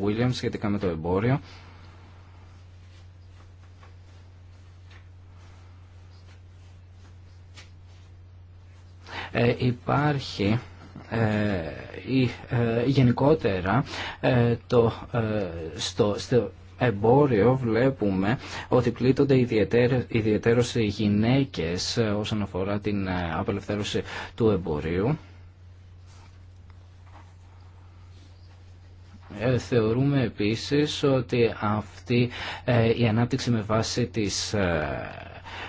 Βίλιαμ σχετικά με το εμπόριο. υπάρχει ή ε, ε, γενικότερα ε, το, στο, στο εμπόριο βλέπουμε ότι πλήττονται ιδιαίτερως οι γυναίκες όσον αφορά την απελευθέρωση του εμπορίου. Θεωρούμε επίσης ότι αυτή η ανάπτυξη με βάση τις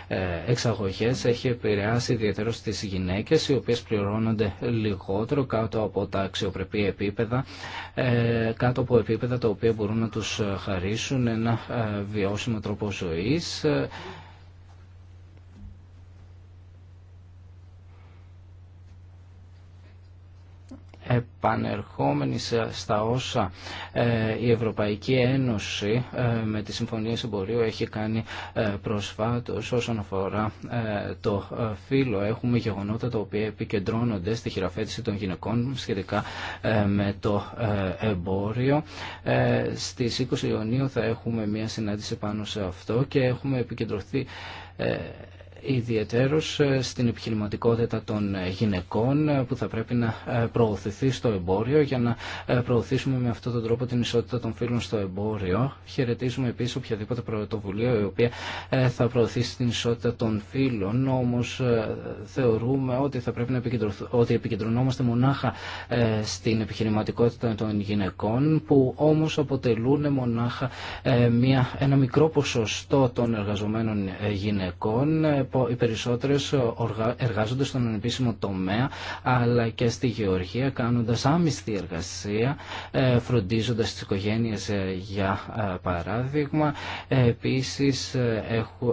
ε, εξαγωγές έχει επηρεάσει ιδιαίτερα στις γυναίκες οι οποίες πληρώνονται λιγότερο κάτω από τα αξιοπρεπή επίπεδα ε, κάτω από επίπεδα τα οποία μπορούν να τους χαρίσουν ένα ε, βιώσιμο τρόπο ζωής επανερχόμενοι στα όσα ε, η Ευρωπαϊκή Ένωση ε, με τη Συμφωνία εμπορίου έχει κάνει ε, προσφάτως όσον αφορά το φύλλο. Έχουμε γεγονότα τα οποία επικεντρώνονται στη χειραφέτηση των γυναικών σχετικά με το εμπόριο. Στις 20 Ιουνίου θα έχουμε μια συνάντηση πάνω σε αυτό και έχουμε επικεντρωθεί ιδιαιτέρως ε, στην επιχειρηματικότητα των ε, γυναικών ε, που θα πρέπει να προωθηθεί στο εμπόριο για να προωθήσουμε με αυτόν τον τρόπο την ισότητα των φίλων στο εμπόριο. Χαιρετίζουμε επίσης οποιαδήποτε πρωτοβουλία η οποία θα προωθήσει την ισότητα των φίλων, όμως θεωρούμε ότι, θα πρέπει να ότι επικεντρωνόμαστε μονάχα στην επιχειρηματικότητα των γυναικών που όμω αποτελούν μονάχα ένα μικρό ποσοστό των εργαζομένων γυναικών οι περισσότερες εργάζονται στον ανεπίσημο τομέα αλλά και στη γεωργία κάνοντας άμυστη εργασία, ε, φροντίζοντας τις οικογένειες ε, για ε, παράδειγμα. Επίσης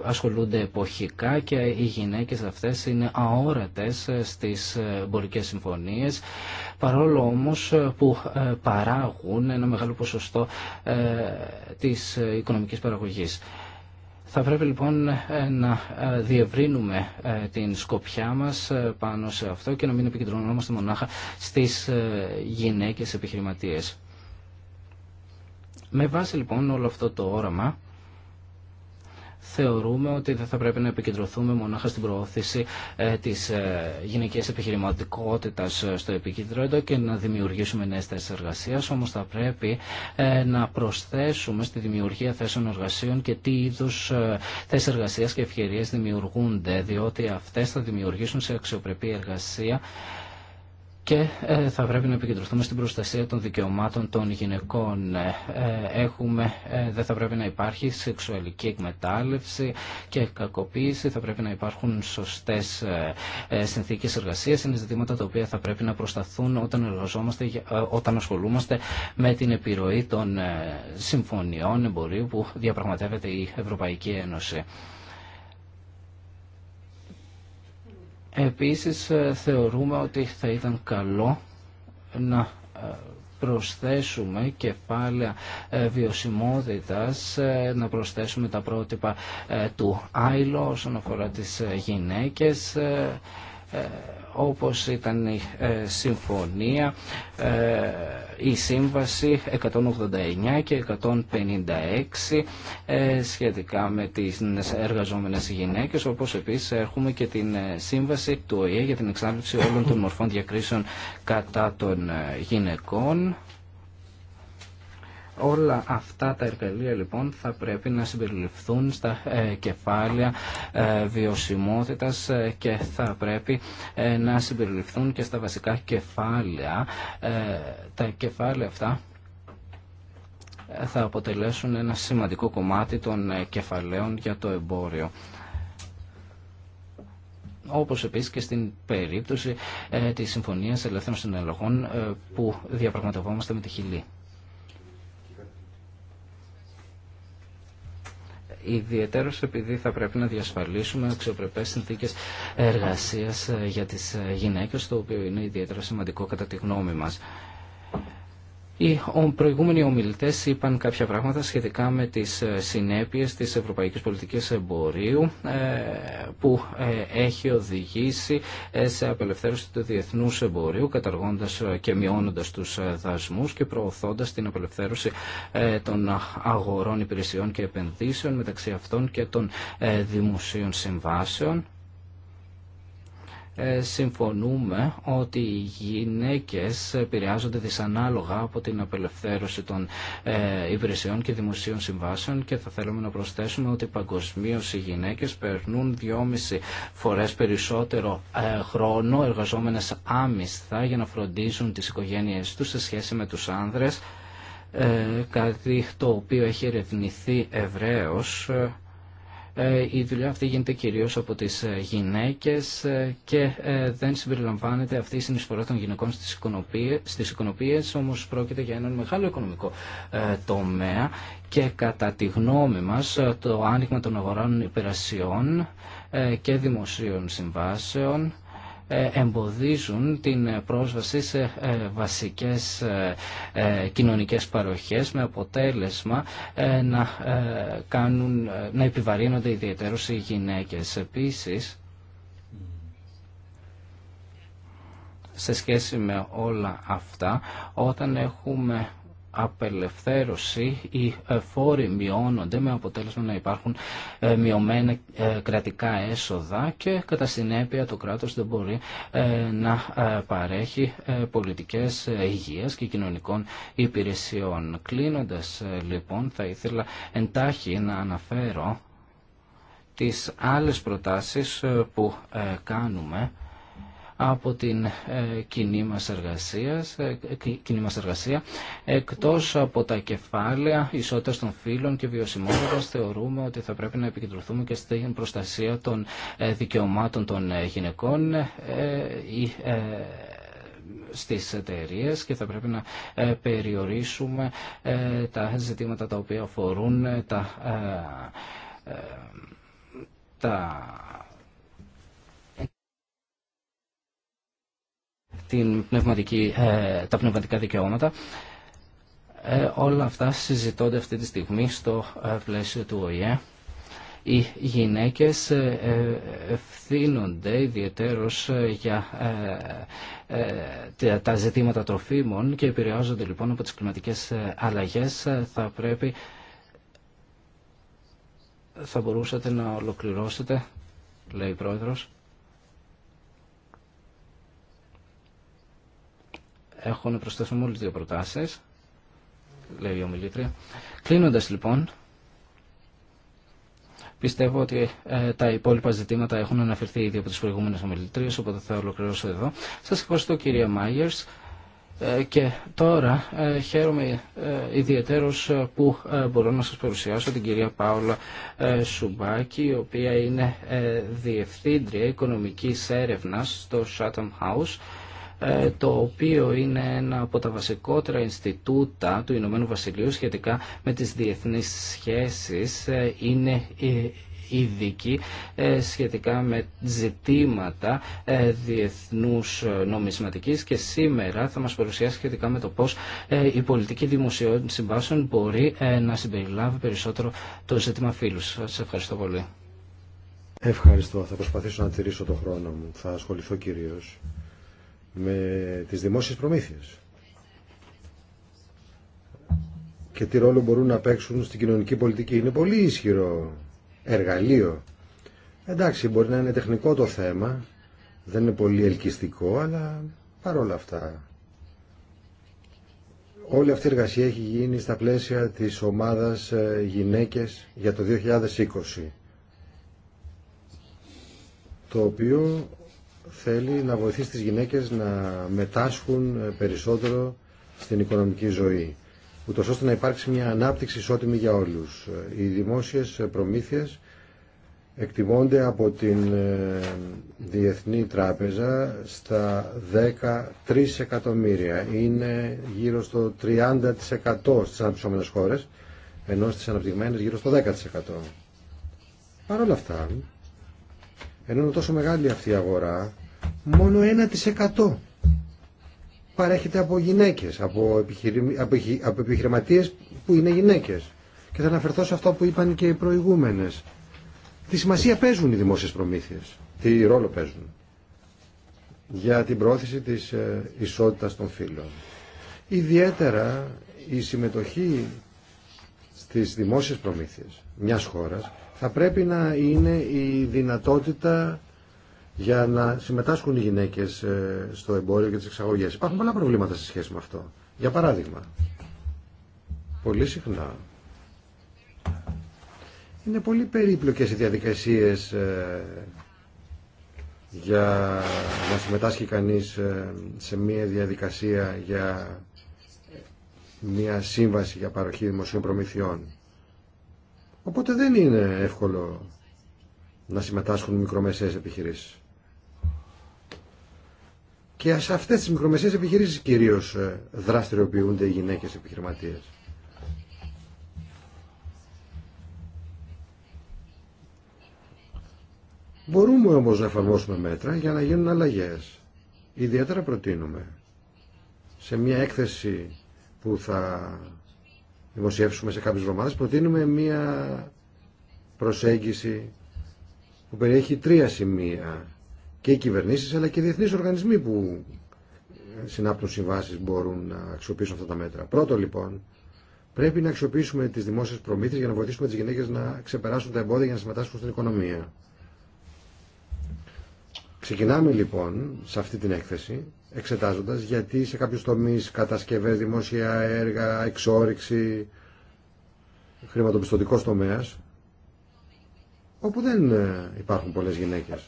ασχολούνται εποχικά και οι γυναίκες αυτές είναι αόρατες στις εμπορικέ συμφωνίες παρόλο όμως που παράγουν ένα μεγάλο ποσοστό της οικονομικής παραγωγής. Θα πρέπει λοιπόν ε, να ε, διευρύνουμε ε, την σκοπιά μας πάνω σε αυτό και να μην επικεντρωνόμαστε μονάχα στις γυναίκες επιχειρηματίες. Με βάση λοιπόν όλο αυτό το όραμα θεωρούμε ότι δεν θα πρέπει να επικεντρωθούμε μονάχα στην προώθηση ε, της ε, γυναικείας επιχειρηματικότητας ε, στο επικεντρώτο και να δημιουργήσουμε νέες θέσεις εργασίας, όμως θα πρέπει να προσθέσουμε στη δημιουργία θέσεων εργασίων και τι είδους θέσεις εργασίας και ευκαιρίες δημιουργούνται, διότι αυτές θα δημιουργήσουν σε αξιοπρεπή εργασία και ε, θα πρέπει να επικεντρωθούμε στην προστασία των δικαιωμάτων των γυναικών. Ε, ε, έχουμε, δεν θα πρέπει να υπάρχει σεξουαλική εκμετάλλευση και κακοποίηση, θα πρέπει να υπάρχουν σωστές συνθήκες εργασίας. Είναι ζητήματα τα οποία θα πρέπει να προσταθούν όταν, εργαζόμαστε, όταν ασχολούμαστε με την επιρροή των συμφωνιών εμπορίου που διαπραγματεύεται η Ευρωπαϊκή Ένωση. Επίσης ε, θεωρούμε ότι θα ήταν καλό να ε, προσθέσουμε κεφάλαια ε, βιωσιμότητας, να προσθέσουμε τα πρότυπα του Άιλο όσον αφορά τις γυναίκες όπως ήταν η ε, συμφωνία, ε, η σύμβαση 189 και 156 ε, σχετικά με τις εργαζόμενες γυναίκες, όπως επίσης έχουμε και την σύμβαση του ΟΗΕ για την εξάρτηση όλων των μορφών διακρίσεων κατά των γυναικών Όλα αυτά τα εργαλεία λοιπόν θα πρέπει να συμπεριληφθούν στα ε, κεφάλαια ε, βιωσιμότητας ε, και θα πρέπει να συμπεριληφθούν και στα βασικά κεφάλαια. Τα κεφάλαια αυτά θα αποτελέσουν ένα σημαντικό κομμάτι των κεφαλαίων για το εμπόριο όπως επίσης και στην περίπτωση ε, της Συμφωνίας Ελεύθερων Συναλλαγών ε, που διαπραγματευόμαστε με τη Χιλή. ιδιαίτερο επειδή θα πρέπει να διασφαλίσουμε αξιοπρεπέ συνθήκε εργασίας ε, για τις ε, γυναίκες, το οποίο είναι ιδιαίτερα σημαντικό κατά τη γνώμη μας. Οι προηγούμενοι ομιλητέ είπαν κάποια πράγματα σχετικά με τις ε, συνέπειες της Ευρωπαϊκή Πολιτική εμπορίου ε, που ε, έχει οδηγήσει σε απελευθέρωση του διεθνούς εμπορίου καταργώντας και μειώνοντα τους δασμούς και προωθώντας την απελευθέρωση των αγορών υπηρεσιών και επενδύσεων μεταξύ αυτών και των δημοσίων συμβάσεων ε, συμφωνούμε ότι οι γυναίκες επηρεάζονται δυσανάλογα από την απελευθέρωση των ε, υπηρεσιών και δημοσίων συμβάσεων και θα θέλουμε να προσθέσουμε ότι παγκοσμίω οι γυναίκες περνούν δυόμιση φορές περισσότερο ε, χρόνο εργαζόμενες άμυστα για να φροντίζουν τις οικογένειές τους σε σχέση με τους άνδρες κάτι το οποίο έχει ερευνηθεί ευρέως ε, η δουλειά αυτή γίνεται κυρίως από τις ε, γυναίκες ε, και δεν συμπεριλαμβάνεται αυτή η συνεισφορά των γυναικών στις οικονομίες, όμως πρόκειται για έναν μεγάλο οικονομικό τομέα και κατά τη γνώμη μας το άνοιγμα των αγορών υπηρεσιών και δημοσίων συμβάσεων ε, εμποδίζουν την πρόσβαση σε ε, βασικές ε, κοινωνικές παροχές με αποτέλεσμα να, κάνουν, να επιβαρύνονται ιδιαίτερως οι γυναίκες. Επίσης, σε σχέση με όλα αυτά, όταν έχουμε απελευθέρωση οι ε, φόροι μειώνονται με αποτέλεσμα να υπάρχουν ε, μειωμένα ε, κρατικά έσοδα και κατά συνέπεια το κράτος δεν μπορεί να παρέχει πολιτικές υγείας και κοινωνικών υπηρεσιών. Κλείνοντας λοιπόν θα ήθελα εντάχει να αναφέρω τις άλλες προτάσεις που κάνουμε από την ε, κοινή μας, εργασίας, ε, ε, κοινή μας εργασία. Εκτός από τα κεφάλαια ισότητας των φύλων και βιωσιμότητας θεωρούμε ότι θα πρέπει να επικεντρωθούμε και στην προστασία των δικαιωμάτων των γυναικών στις εταιρείε και θα πρέπει να περιορίσουμε τα ζητήματα τα οποία αφορούν τα, τα την πνευματική, ε, τα πνευματικά δικαιώματα. Ε, όλα αυτά συζητώνται αυτή τη στιγμή στο ε, πλαίσιο του ΟΗΕ. Οι γυναίκες ευθύνονται ιδιαιτέρως για τα ζητήματα τροφίμων και επηρεάζονται λοιπόν από τις κλιματικές αλλαγές. Θα πρέπει θα μπορούσατε να ολοκληρώσετε, λέει η Πρόεδρος. Έχω να προσθέσω μόλις δύο προτάσεις, λέει η ομιλήτρια. Κλείνοντας λοιπόν, Πιστεύω ότι ε, τα υπόλοιπα ζητήματα έχουν αναφερθεί ήδη από τις προηγούμενες ομιλητρίες, οπότε θα ολοκληρώσω εδώ. Σας ευχαριστώ κυρία Μάγερς ε, και τώρα ε, χαίρομαι ε, ιδιαίτερος που μπορώ να σας παρουσιάσω την κυρία Πάολα Σουμπάκη, η οποία είναι Διευθύντρια Οικονομικής Έρευνας στο Chatham House ε, το οποίο είναι ένα από τα βασικότερα Ινστιτούτα του Ηνωμένου Βασιλείου σχετικά με τις διεθνείς σχέσεις. Ε, είναι ε, ειδική σχετικά με ζητήματα διεθνούς νομισματικής και σήμερα θα μας παρουσιάσει σχετικά με το πώς η πολιτική δημοσιών συμβάσεων μπορεί να συμπεριλάβει περισσότερο το ζήτημα φίλου. Σας ευχαριστώ πολύ. Ευχαριστώ. Θα προσπαθήσω να τηρήσω το χρόνο μου. Θα ασχοληθώ κυρίως με τις δημόσιες προμήθειες και τι ρόλο μπορούν να παίξουν στην κοινωνική πολιτική. Είναι πολύ ισχυρό εργαλείο. Εντάξει, μπορεί να είναι τεχνικό το θέμα, δεν είναι πολύ ελκυστικό, αλλά παρόλα αυτά. Όλη αυτή η εργασία έχει γίνει στα πλαίσια της ομάδας ε, γυναίκες για το 2020, το οποίο θέλει να βοηθήσει τις γυναίκες να μετάσχουν ε, περισσότερο στην οικονομική ζωή, ούτω ώστε να υπάρξει μια ανάπτυξη ισότιμη για όλους. Ε, οι δημόσιες ε, προμήθειες εκτιμώνται από την Διεθνή Τράπεζα στα 13 εκατομμύρια. Είναι γύρω στο 30% στις αναπτυσσόμενες χώρες, ενώ στις αναπτυγμένες γύρω στο 10%. Παρ' όλα αυτά, ενώ είναι τόσο μεγάλη αυτή η αγορά, μόνο 1% παρέχεται από γυναίκες, από, επιχειρημα... από επιχειρηματίες που είναι γυναίκες. Και θα αναφερθώ σε αυτό που είπαν και οι προηγούμενες. Τι σημασία παίζουν οι δημόσιες προμήθειες, τι ρόλο παίζουν για την πρόθεση της ε, ισότητας των φύλων. Ιδιαίτερα η συμμετοχή στις δημόσιες προμήθειες μιας χώρας θα πρέπει να είναι η δυνατότητα για να συμμετάσχουν οι γυναίκες ε, στο εμπόριο και τις εξαγωγές. Υπάρχουν πολλά προβλήματα σε σχέση με αυτό. Για παράδειγμα, πολύ συχνά είναι πολύ περίπλοκες οι διαδικασίες ε, για να συμμετάσχει κανείς ε, σε μια διαδικασία για μια σύμβαση για παροχή δημοσίων προμηθειών. Οπότε δεν είναι εύκολο να συμμετάσχουν μικρομεσαίες επιχειρήσεις. Και σε αυτές τις μικρομεσαίες επιχειρήσεις κυρίως ε, δραστηριοποιούνται οι γυναίκες επιχειρηματίες. Μπορούμε όμως να εφαρμόσουμε μέτρα για να γίνουν αλλαγές. Ιδιαίτερα προτείνουμε σε μια έκθεση που θα δημοσιεύσουμε σε κάποιες εβδομάδες, προτείνουμε μία προσέγγιση που περιέχει τρία σημεία. Και οι κυβερνήσεις αλλά και οι διεθνείς οργανισμοί που συνάπτουν συμβάσεις μπορούν να αξιοποιήσουν αυτά τα μέτρα. Πρώτο λοιπόν, πρέπει να αξιοποιήσουμε τις δημόσιες προμήθειες για να βοηθήσουμε τις γυναίκες να ξεπεράσουν τα εμπόδια για να συμμετάσχουν στην οικονομία. Ξεκινάμε λοιπόν σε αυτή την έκθεση εξετάζοντας γιατί σε κάποιους τομείς κατασκευές, δημόσια έργα, εξόριξη, χρηματοπιστωτικός τομέας όπου δεν ε, υπάρχουν πολλές γυναίκες.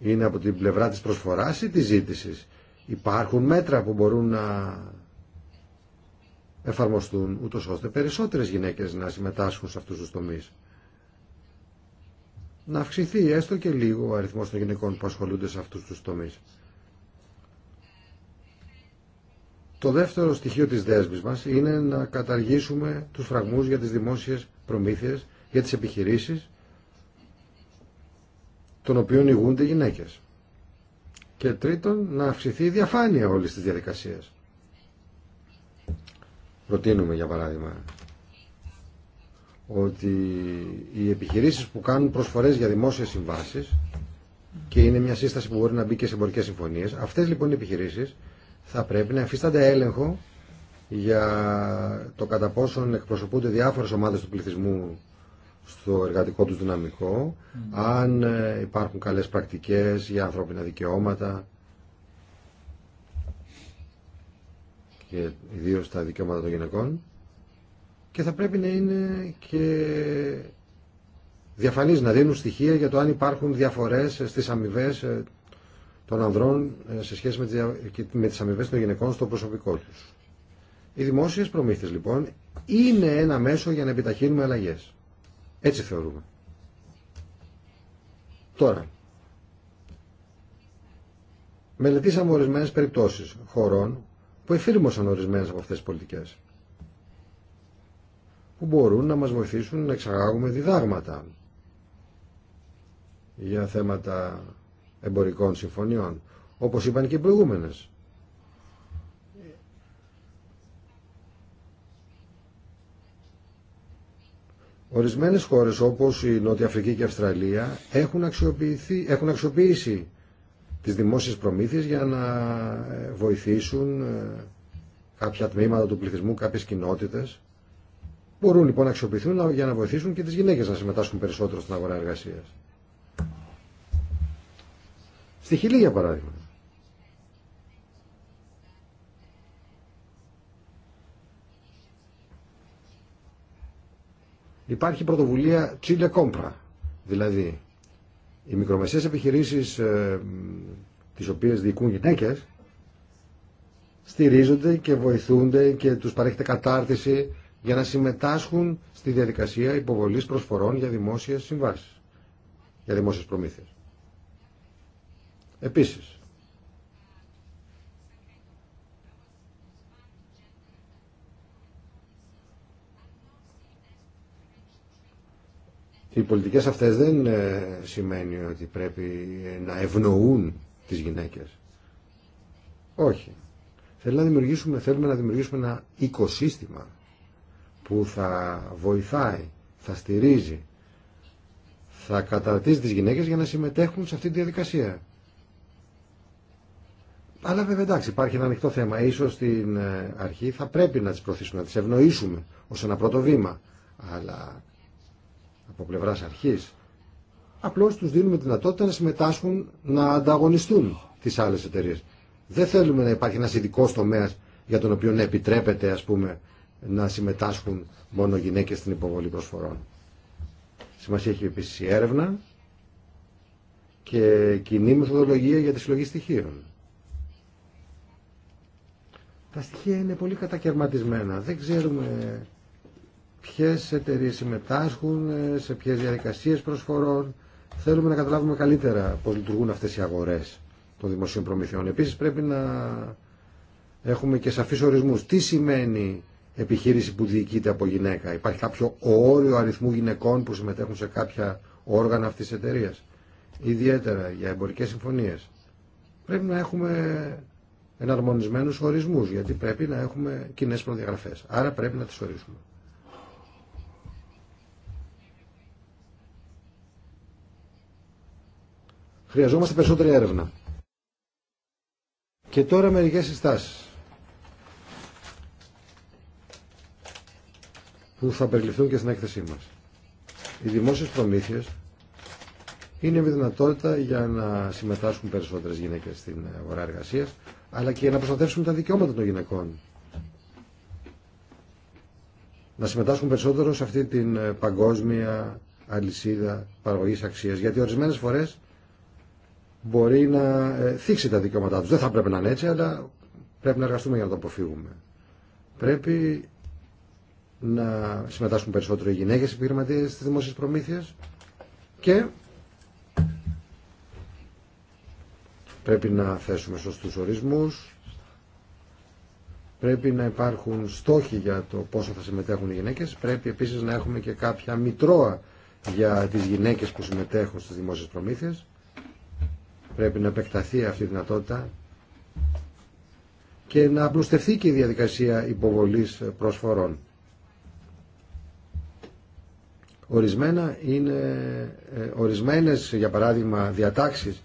Είναι από την πλευρά της προσφοράς ή της ζήτησης. Υπάρχουν μέτρα που μπορούν να εφαρμοστούν ούτως ώστε περισσότερες γυναίκες να συμμετάσχουν σε αυτούς τους τομείς να αυξηθεί έστω και λίγο ο αριθμός των γυναικών που ασχολούνται σε αυτούς τους τομείς. Το δεύτερο στοιχείο της δέσμης μας είναι να καταργήσουμε τους φραγμούς για τις δημόσιες προμήθειες, για τις επιχειρήσεις, των οποίων ηγούνται οι γυναίκες. Και τρίτον, να αυξηθεί η διαφάνεια όλης της διαδικασίας. Προτείνουμε, για παράδειγμα, ότι οι επιχειρήσεις που κάνουν προσφορές για δημόσιες συμβάσεις και είναι μια σύσταση που μπορεί να μπει και σε εμπορικές συμφωνίες αυτές λοιπόν οι επιχειρήσεις θα πρέπει να εφίστανται έλεγχο για το κατά πόσον εκπροσωπούνται διάφορες ομάδες του πληθυσμού στο εργατικό του δυναμικό αν ε, υπάρχουν καλές πρακτικές για ανθρώπινα δικαιώματα και ιδίως τα δικαιώματα των γυναικών και θα πρέπει να είναι και διαφανείς να δίνουν στοιχεία για το αν υπάρχουν διαφορές στις αμοιβέ ε, των ανδρών ε, σε σχέση με τις αμοιβέ των γυναικών στο προσωπικό τους. Οι δημόσιες προμήθειες λοιπόν είναι ένα μέσο για να επιταχύνουμε αλλαγές. Έτσι θεωρούμε. Τώρα, μελετήσαμε ορισμένες περιπτώσεις χωρών που εφήρμοσαν ορισμένες από αυτές τις πολιτικές που μπορούν να μας βοηθήσουν να εξαγάγουμε διδάγματα για θέματα εμπορικών συμφωνιών, όπως είπαν και οι προηγούμενες. Ορισμένες χώρες όπως η Νότια Αφρική και η Αυστραλία έχουν, έχουν αξιοποιήσει τις δημόσιες προμήθειες για να ε, βοηθήσουν ε, κάποια τμήματα του πληθυσμού, κάποιες κοινότητες Μπορούν λοιπόν να αξιοποιηθούν για να βοηθήσουν και τις γυναίκες να συμμετάσχουν περισσότερο στην αγορά εργασίας. Στη Χιλή για παράδειγμα. Υπάρχει πρωτοβουλία Chile Compra, δηλαδή οι μικρομεσαίες επιχειρήσεις ε, τις οποίες διοικούν γυναίκες στηρίζονται και βοηθούνται και τους παρέχεται κατάρτιση για να συμμετάσχουν στη διαδικασία υποβολής προσφορών για δημόσιες συμβάσεις, για δημόσιες προμήθειες. Επίσης, οι πολιτικές αυτές δεν ε, σημαίνει ότι πρέπει ε, να ευνοούν τις γυναίκες. Όχι. Θέλουμε να δημιουργήσουμε, θέλουμε να δημιουργήσουμε ένα οικοσύστημα που θα βοηθάει, θα στηρίζει, θα καταρτίζει τις γυναίκες για να συμμετέχουν σε αυτή τη διαδικασία. Αλλά βέβαια εντάξει, υπάρχει ένα ανοιχτό θέμα. Ίσως στην ε, αρχή θα πρέπει να τις προωθήσουμε, να τις ευνοήσουμε ως ένα πρώτο βήμα. Αλλά από πλευράς αρχής απλώς τους δίνουμε τη δυνατότητα να συμμετάσχουν, να ανταγωνιστούν τις άλλες εταιρείε. Δεν θέλουμε να υπάρχει ένας ειδικό τομέα για τον οποίο να επιτρέπεται ας πούμε να συμμετάσχουν μόνο γυναίκες στην υποβολή προσφορών. Σημασία έχει επίσης η έρευνα και κοινή μεθοδολογία για τη συλλογή στοιχείων. Τα στοιχεία είναι πολύ κατακαιρματισμένα. Δεν ξέρουμε ποιες εταιρείε συμμετάσχουν, σε ποιες διαδικασίες προσφορών. Θέλουμε να καταλάβουμε καλύτερα πώς λειτουργούν αυτές οι αγορές των δημοσίων προμηθειών. Επίσης πρέπει να έχουμε και σαφείς ορισμούς. Τι σημαίνει επιχείρηση που διοικείται από γυναίκα. Υπάρχει κάποιο όριο αριθμού γυναικών που συμμετέχουν σε κάποια όργανα αυτής της εταιρεία. Ιδιαίτερα για εμπορικές συμφωνίες. Πρέπει να έχουμε εναρμονισμένους ορισμούς, γιατί πρέπει να έχουμε κοινέ προδιαγραφές. Άρα πρέπει να τις ορίσουμε. Χρειαζόμαστε περισσότερη έρευνα. Και τώρα μερικές συστάσεις. που θα περιληφθούν και στην έκθεσή μας. Οι δημόσιες προμήθειες είναι μια δυνατότητα για να συμμετάσχουν περισσότερες γυναίκες στην αγορά εργασίας, αλλά και να προστατεύσουμε τα δικαιώματα των γυναικών. Να συμμετάσχουν περισσότερο σε αυτή την παγκόσμια αλυσίδα παραγωγής αξίας, γιατί ορισμένες φορές μπορεί να ε, θίξει τα δικαιώματά τους. Δεν θα πρέπει να είναι έτσι, αλλά πρέπει να εργαστούμε για να το αποφύγουμε. Πρέπει να συμμετάσχουν περισσότερο οι γυναίκε επιχειρηματίε στι δημόσιες προμήθειες και πρέπει να θέσουμε σωστούς ορισμούς, πρέπει να υπάρχουν στόχοι για το πόσο θα συμμετέχουν οι γυναίκες, πρέπει επίσης να έχουμε και κάποια μητρώα για τις γυναίκες που συμμετέχουν στις δημόσιες προμήθειες, πρέπει να επεκταθεί αυτή η δυνατότητα και να απλουστευτεί και η διαδικασία υποβολής προσφορών. Ορισμένα είναι, ε, ορισμένες, για παράδειγμα, διατάξεις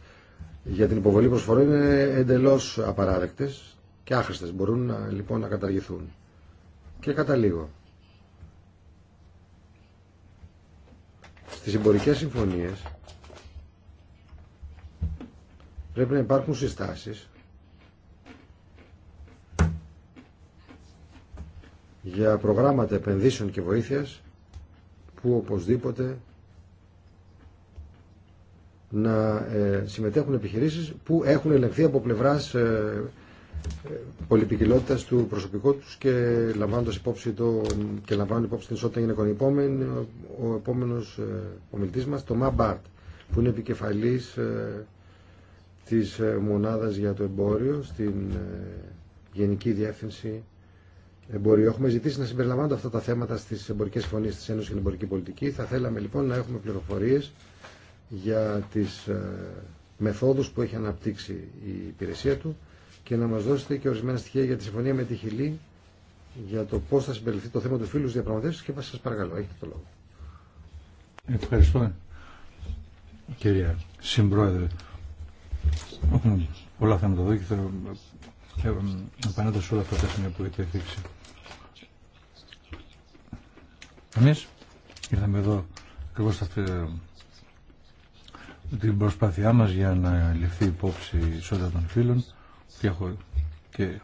για την υποβολή προσφορών είναι εντελώς απαράδεκτες και άχρηστες. Μπορούν να, ε, λοιπόν να καταργηθούν. Και καταλήγω. Στις εμπορικές συμφωνίες πρέπει να υπάρχουν συστάσεις για προγράμματα επενδύσεων και βοήθειας που οπωσδήποτε να ε, συμμετέχουν επιχειρήσεις που έχουν ελεγχθεί από πλευράς ε, ε, πολυπικιλότητας του προσωπικού τους και λαμβάνοντας υπόψη το, και λαμβάνουν υπόψη την ισότητα γυναικών. ο επόμενος ομιλητής μας, το ΜΑΜΠΑΡΤ, που είναι επικεφαλής της μονάδας για το εμπόριο στην Γενική Διεύθυνση Έχουμε ζητήσει να συμπεριλαμβάνονται αυτά τα θέματα στι εμπορικέ συμφωνίε τη Ένωση και την εμπορική πολιτική. Θα θέλαμε λοιπόν να έχουμε πληροφορίε για τι ε, μεθόδου που έχει αναπτύξει η υπηρεσία του και να μα δώσετε και ορισμένα στοιχεία για τη συμφωνία με τη Χιλή για το πώ θα συμπεριληφθεί το θέμα του φίλου διαπραγματεύσει και σα παρακαλώ, έχετε το λόγο. Ευχαριστώ, κυρία Συμπρόεδρε. Πολλά θέματα εδώ και θέλω Επανέτα σε όλα αυτά τα σημεία που έχετε δείξει. Εμείς ήρθαμε εδώ ακριβώ ε, την προσπάθειά μας για να ληφθεί υπόψη η ισότητα των φίλων και έχω και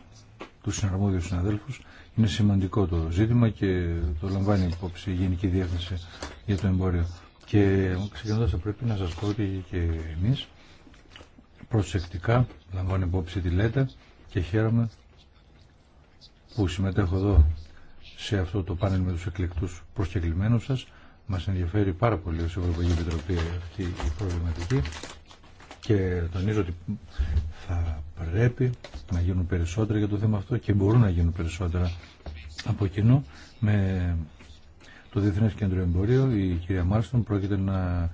τους συναρμόδιους συναδέλφους. Είναι σημαντικό το ζήτημα και το λαμβάνει υπόψη η Γενική Διεύθυνση για το εμπόριο. Και ξεκινώντας θα πρέπει να σας πω ότι και εμείς προσεκτικά λαμβάνει υπόψη τη λέτε και χαίρομαι που συμμετέχω εδώ σε αυτό το πάνελ με τους εκλεκτούς προσκεκλημένους σας. Μας ενδιαφέρει πάρα πολύ ως Ευρωπαϊκή Επιτροπή αυτή η προβληματική και τονίζω ότι θα πρέπει να γίνουν περισσότερα για το θέμα αυτό και μπορούν να γίνουν περισσότερα από κοινού με το Διεθνές Κέντρο Εμπορίου. Η κυρία Μάρστον πρόκειται να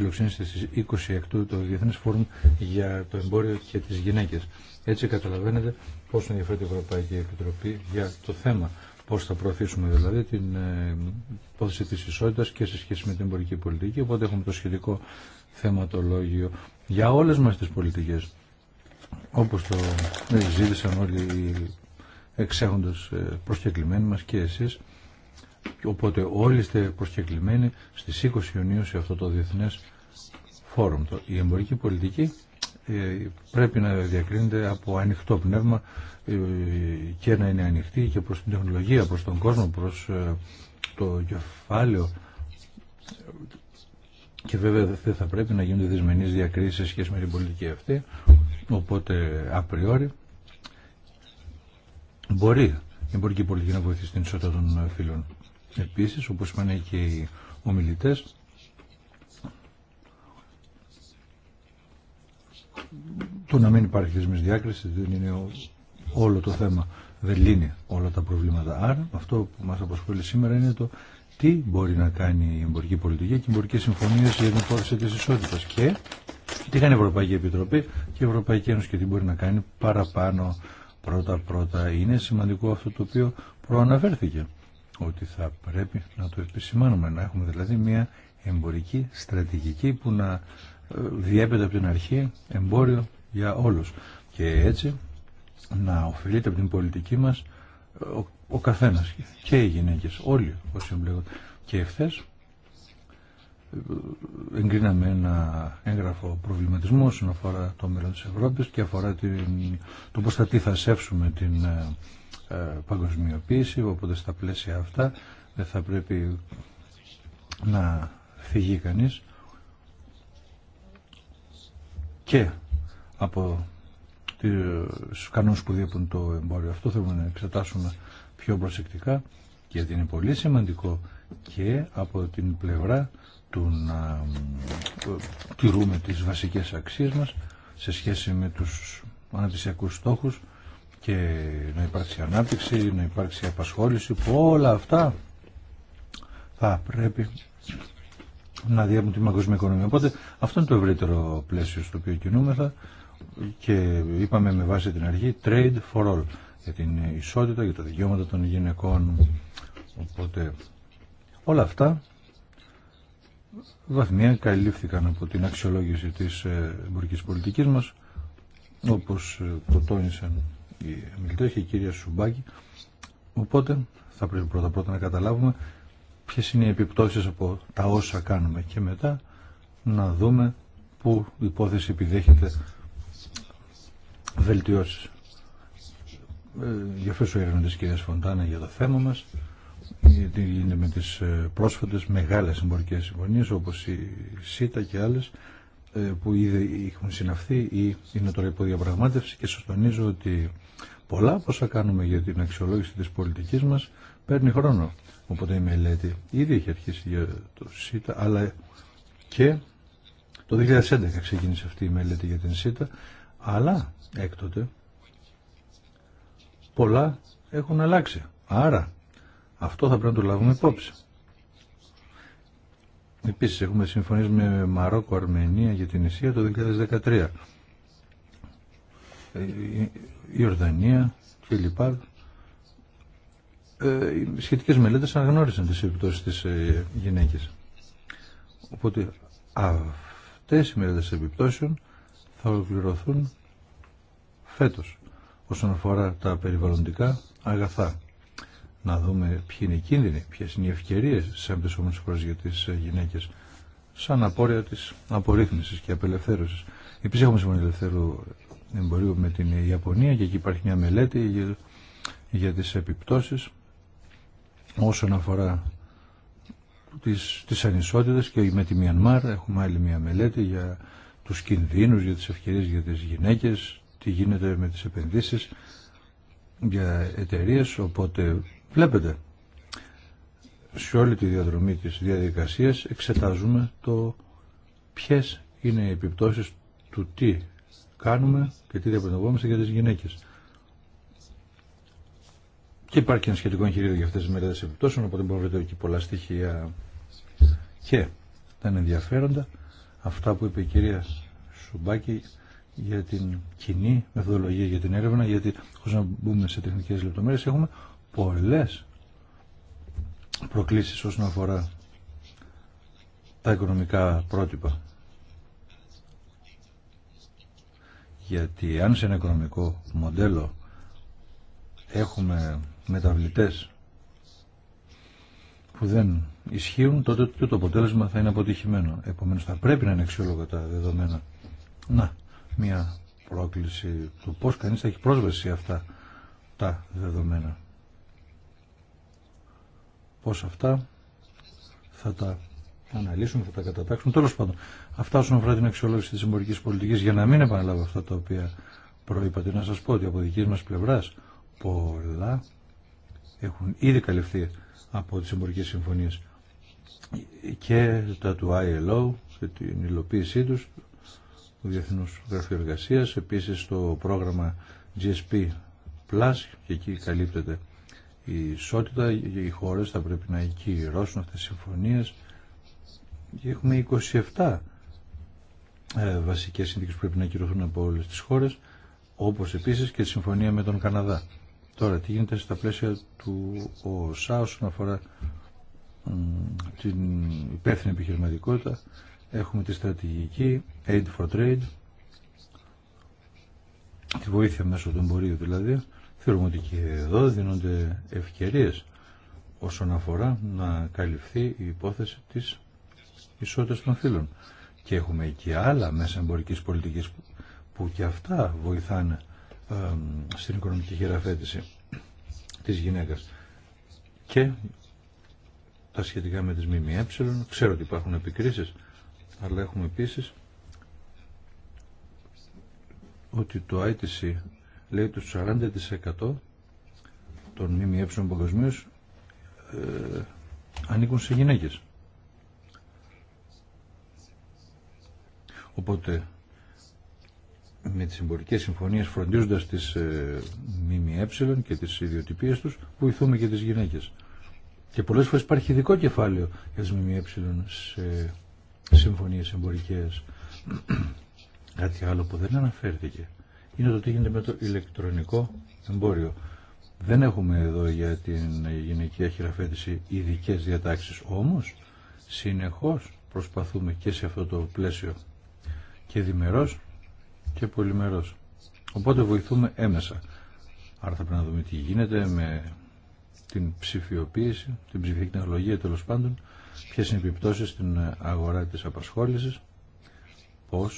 φιλοξένησε στις 20 εκτού το Διεθνές Φόρουμ για το εμπόριο και τις γυναίκες. Έτσι καταλαβαίνετε πώς ενδιαφέρεται η Ευρωπαϊκή Επιτροπή για το θέμα. Πώς θα προωθήσουμε δηλαδή την ε, υπόθεση της ισότητα και σε σχέση με την εμπορική πολιτική. Οπότε έχουμε το σχετικό θεματολόγιο για όλες μας τις πολιτικές. Όπως το ε, ζήτησαν όλοι οι εξέχοντες ε, προσκεκλημένοι μας και εσεί. Οπότε όλοι είστε προσκεκλημένοι στις 20 Ιουνίου σε αυτό το Διεθνές Φόρουμ. Η εμπορική πολιτική ε, πρέπει να διακρίνεται από ανοιχτό πνεύμα ε, και να είναι ανοιχτή και προς την τεχνολογία, προς τον κόσμο, προς ε, το κεφάλαιο και βέβαια δεν θα πρέπει να γίνονται δυσμενείς διακρίσεις σχέση με την πολιτική αυτή οπότε απριόρι μπορεί η εμπορική πολιτική να βοηθήσει την ισότητα των φίλων. Επίσης, όπως είπαν και οι ομιλητές, το να μην υπάρχει θεσμής διάκριση δεν είναι όλο το θέμα, δεν λύνει όλα τα προβλήματα. Άρα αυτό που μας απασχολεί σήμερα είναι το τι μπορεί να κάνει η εμπορική πολιτική και οι εμπορικέ συμφωνίε για την υπόθεση τη ισότητα. Και τι κάνει η Ευρωπαϊκή Επιτροπή και η Ευρωπαϊκή Ένωση και τι μπορεί να κάνει παραπάνω πρώτα-πρώτα. Είναι σημαντικό αυτό το οποίο προαναφέρθηκε ότι θα πρέπει να το επισημάνουμε, να έχουμε δηλαδή μια εμπορική στρατηγική που να ε, διέπεται από την αρχή εμπόριο για όλους και έτσι να ωφελείται από την πολιτική μας ε, ο, ο καθένας και οι γυναίκες, όλοι όσοι εμπλέκονται. Και εχθές ε, εγκρίναμε ένα έγγραφο προβληματισμό όσον αφορά το μέλλον της Ευρώπης και αφορά την, το πώς θα τι θα σέψουμε την ε, παγκοσμιοποίηση, οπότε στα πλαίσια αυτά δεν θα πρέπει να φυγεί κανείς και από τους κανόνες που διέπουν το εμπόριο. Αυτό θέλουμε να εξετάσουμε πιο προσεκτικά γιατί είναι πολύ σημαντικό και από την πλευρά του να ε, τηρούμε τις βασικές αξίες μας σε σχέση με τους αναπτυσιακούς στόχους και να υπάρξει ανάπτυξη, να υπάρξει απασχόληση που όλα αυτά θα πρέπει να διέπουν την παγκόσμια οικονομία. Οπότε αυτό είναι το ευρύτερο πλαίσιο στο οποίο κινούμεθα και είπαμε με βάση την αρχή trade for all για την ισότητα, για τα δικαιώματα των γυναικών. Οπότε όλα αυτά βαθμία καλύφθηκαν από την αξιολόγηση της ε, εμπορικής πολιτικής μας όπως ε, το τόνισαν η μιλητέ και η κυρία Σουμπάκη. Οπότε θα πρέπει πρώτα πρώτα να καταλάβουμε ποιες είναι οι επιπτώσεις από τα όσα κάνουμε και μετά να δούμε που η υπόθεση επιδέχεται βελτιώσεις. Ε, Γι' αυτό ο έρευνα της κυρίας Φοντάνα για το θέμα μας, γιατί είναι με τις ε, πρόσφατες μεγάλες εμπορικές συμφωνίες όπως η ΣΥΤΑ και άλλες, ε, που ήδη έχουν συναυθεί ή είναι τώρα υπό διαπραγμάτευση και σας τονίζω ότι πολλά από όσα κάνουμε για την αξιολόγηση της πολιτικής μας παίρνει χρόνο. Οπότε η μελέτη ήδη έχει αρχίσει για το ΣΥΤΑ αλλά και το 2011 ξεκίνησε αυτή η μελέτη για την ΣΥΤΑ αλλά έκτοτε πολλά έχουν αλλάξει. Άρα αυτό θα πρέπει να το λάβουμε υπόψη. Επίση έχουμε συμφωνήσει με Μαρόκο, Αρμενία για την Ισία το 2013. Η Ορδανία κλπ. Οι σχετικέ μελέτες αναγνώρισαν τις επιπτώσει τη ε, γυναίκης. Οπότε αυτές οι μελέτες επιπτώσεων θα ολοκληρωθούν φέτος όσον αφορά τα περιβαλλοντικά αγαθά να δούμε ποιοι είναι οι κίνδυνοι, ποιε είναι οι ευκαιρίε τη εμπεσόμενε χώρα για τι ε, γυναίκε, σαν απόρρια τη απορρίθμιση και απελευθέρωση. Επίση, έχουμε συμφωνία ελευθέρου εμπορίου με την Ιαπωνία και εκεί υπάρχει μια μελέτη για, για τι επιπτώσει όσον αφορά τις, τις ανισότητες και με τη Μιανμάρ έχουμε άλλη μια μελέτη για τους κινδύνους, για τις ευκαιρίες για τις γυναίκες, τι γίνεται με τις επενδύσεις για εταιρείε, οπότε Βλέπετε, σε όλη τη διαδρομή της διαδικασίας εξετάζουμε το ποιες είναι οι επιπτώσεις του τι κάνουμε και τι διαπαιδευόμαστε για τις γυναίκες. Και υπάρχει ένα σχετικό εγχειρίδιο για αυτές τις μελέτες επιπτώσεων, οπότε μπορείτε βρείτε εκεί πολλά στοιχεία. Και ήταν ενδιαφέροντα αυτά που είπε η κυρία Σουμπάκη για την κοινή μεθοδολογία για την έρευνα, γιατί χωρίς να μπούμε σε τεχνικές λεπτομέρειες έχουμε πολλές προκλήσεις όσον αφορά τα οικονομικά πρότυπα. Γιατί αν σε ένα οικονομικό μοντέλο έχουμε μεταβλητές που δεν ισχύουν, τότε το αποτέλεσμα θα είναι αποτυχημένο. Επομένως θα πρέπει να είναι αξιόλογα τα δεδομένα. Να, μια πρόκληση του πώς κανείς θα έχει πρόσβαση σε αυτά τα δεδομένα πώς αυτά θα τα αναλύσουν, θα τα κατατάξουν. Τέλος πάντων, αυτά όσον αφορά την αξιολόγηση της εμπορική πολιτικής, για να μην επαναλάβω αυτά τα οποία προείπατε, να σας πω ότι από δική μας πλευράς πολλά έχουν ήδη καλυφθεί από τις εμπορικές συμφωνίες και τα του ILO και την υλοποίησή τους του Διεθνούς Γραφείου Εργασίας, επίσης το πρόγραμμα GSP Plus και εκεί καλύπτεται η ισότητα, οι χώρες θα πρέπει να κυρώσουν αυτές τις συμφωνίες και έχουμε 27 ε, βασικές συνθήκες που πρέπει να κυρωθούν από όλες τις χώρες όπως επίσης και τη συμφωνία με τον Καναδά. Τώρα, τι γίνεται στα πλαίσια του ΟΣΑ όσον αφορά την υπεύθυνη επιχειρηματικότητα έχουμε τη στρατηγική Aid for Trade τη βοήθεια μέσω του εμπορίου δηλαδή Θεωρούμε ότι και εδώ δίνονται ευκαιρίες όσον αφορά να καλυφθεί η υπόθεση της ισότητας των φύλων. Και έχουμε και άλλα μέσα εμπορικής πολιτικής που και αυτά βοηθάνε στην οικονομική χειραφέτηση της γυναίκας. Και τα σχετικά με τις ΜΜΕ, ξέρω ότι υπάρχουν επικρίσεις, αλλά έχουμε επίσης ότι το ITC λέει το 40% των ΜΜΕ παγκοσμίω ε, ανήκουν σε γυναίκες. Οπότε με τις εμπορικές συμφωνίες φροντίζοντας τις ε, ΜΜΕ και τις ιδιοτυπίες τους βοηθούμε και τις γυναίκες. Και πολλές φορές υπάρχει ειδικό κεφάλαιο για τις ΜΜΕ σε συμφωνίες εμπορικές. Κάτι άλλο που δεν αναφέρθηκε είναι το τι γίνεται με το ηλεκτρονικό εμπόριο. Δεν έχουμε εδώ για την γυναικεία χειραφέτηση ειδικέ διατάξεις, όμως συνεχώς προσπαθούμε και σε αυτό το πλαίσιο και διμερός και πολυμερός. Οπότε βοηθούμε έμεσα. Άρα θα πρέπει να δούμε τι γίνεται με την ψηφιοποίηση, την ψηφιακή τεχνολογία τέλο πάντων, ποιε είναι οι επιπτώσει στην αγορά τη απασχόληση, πώ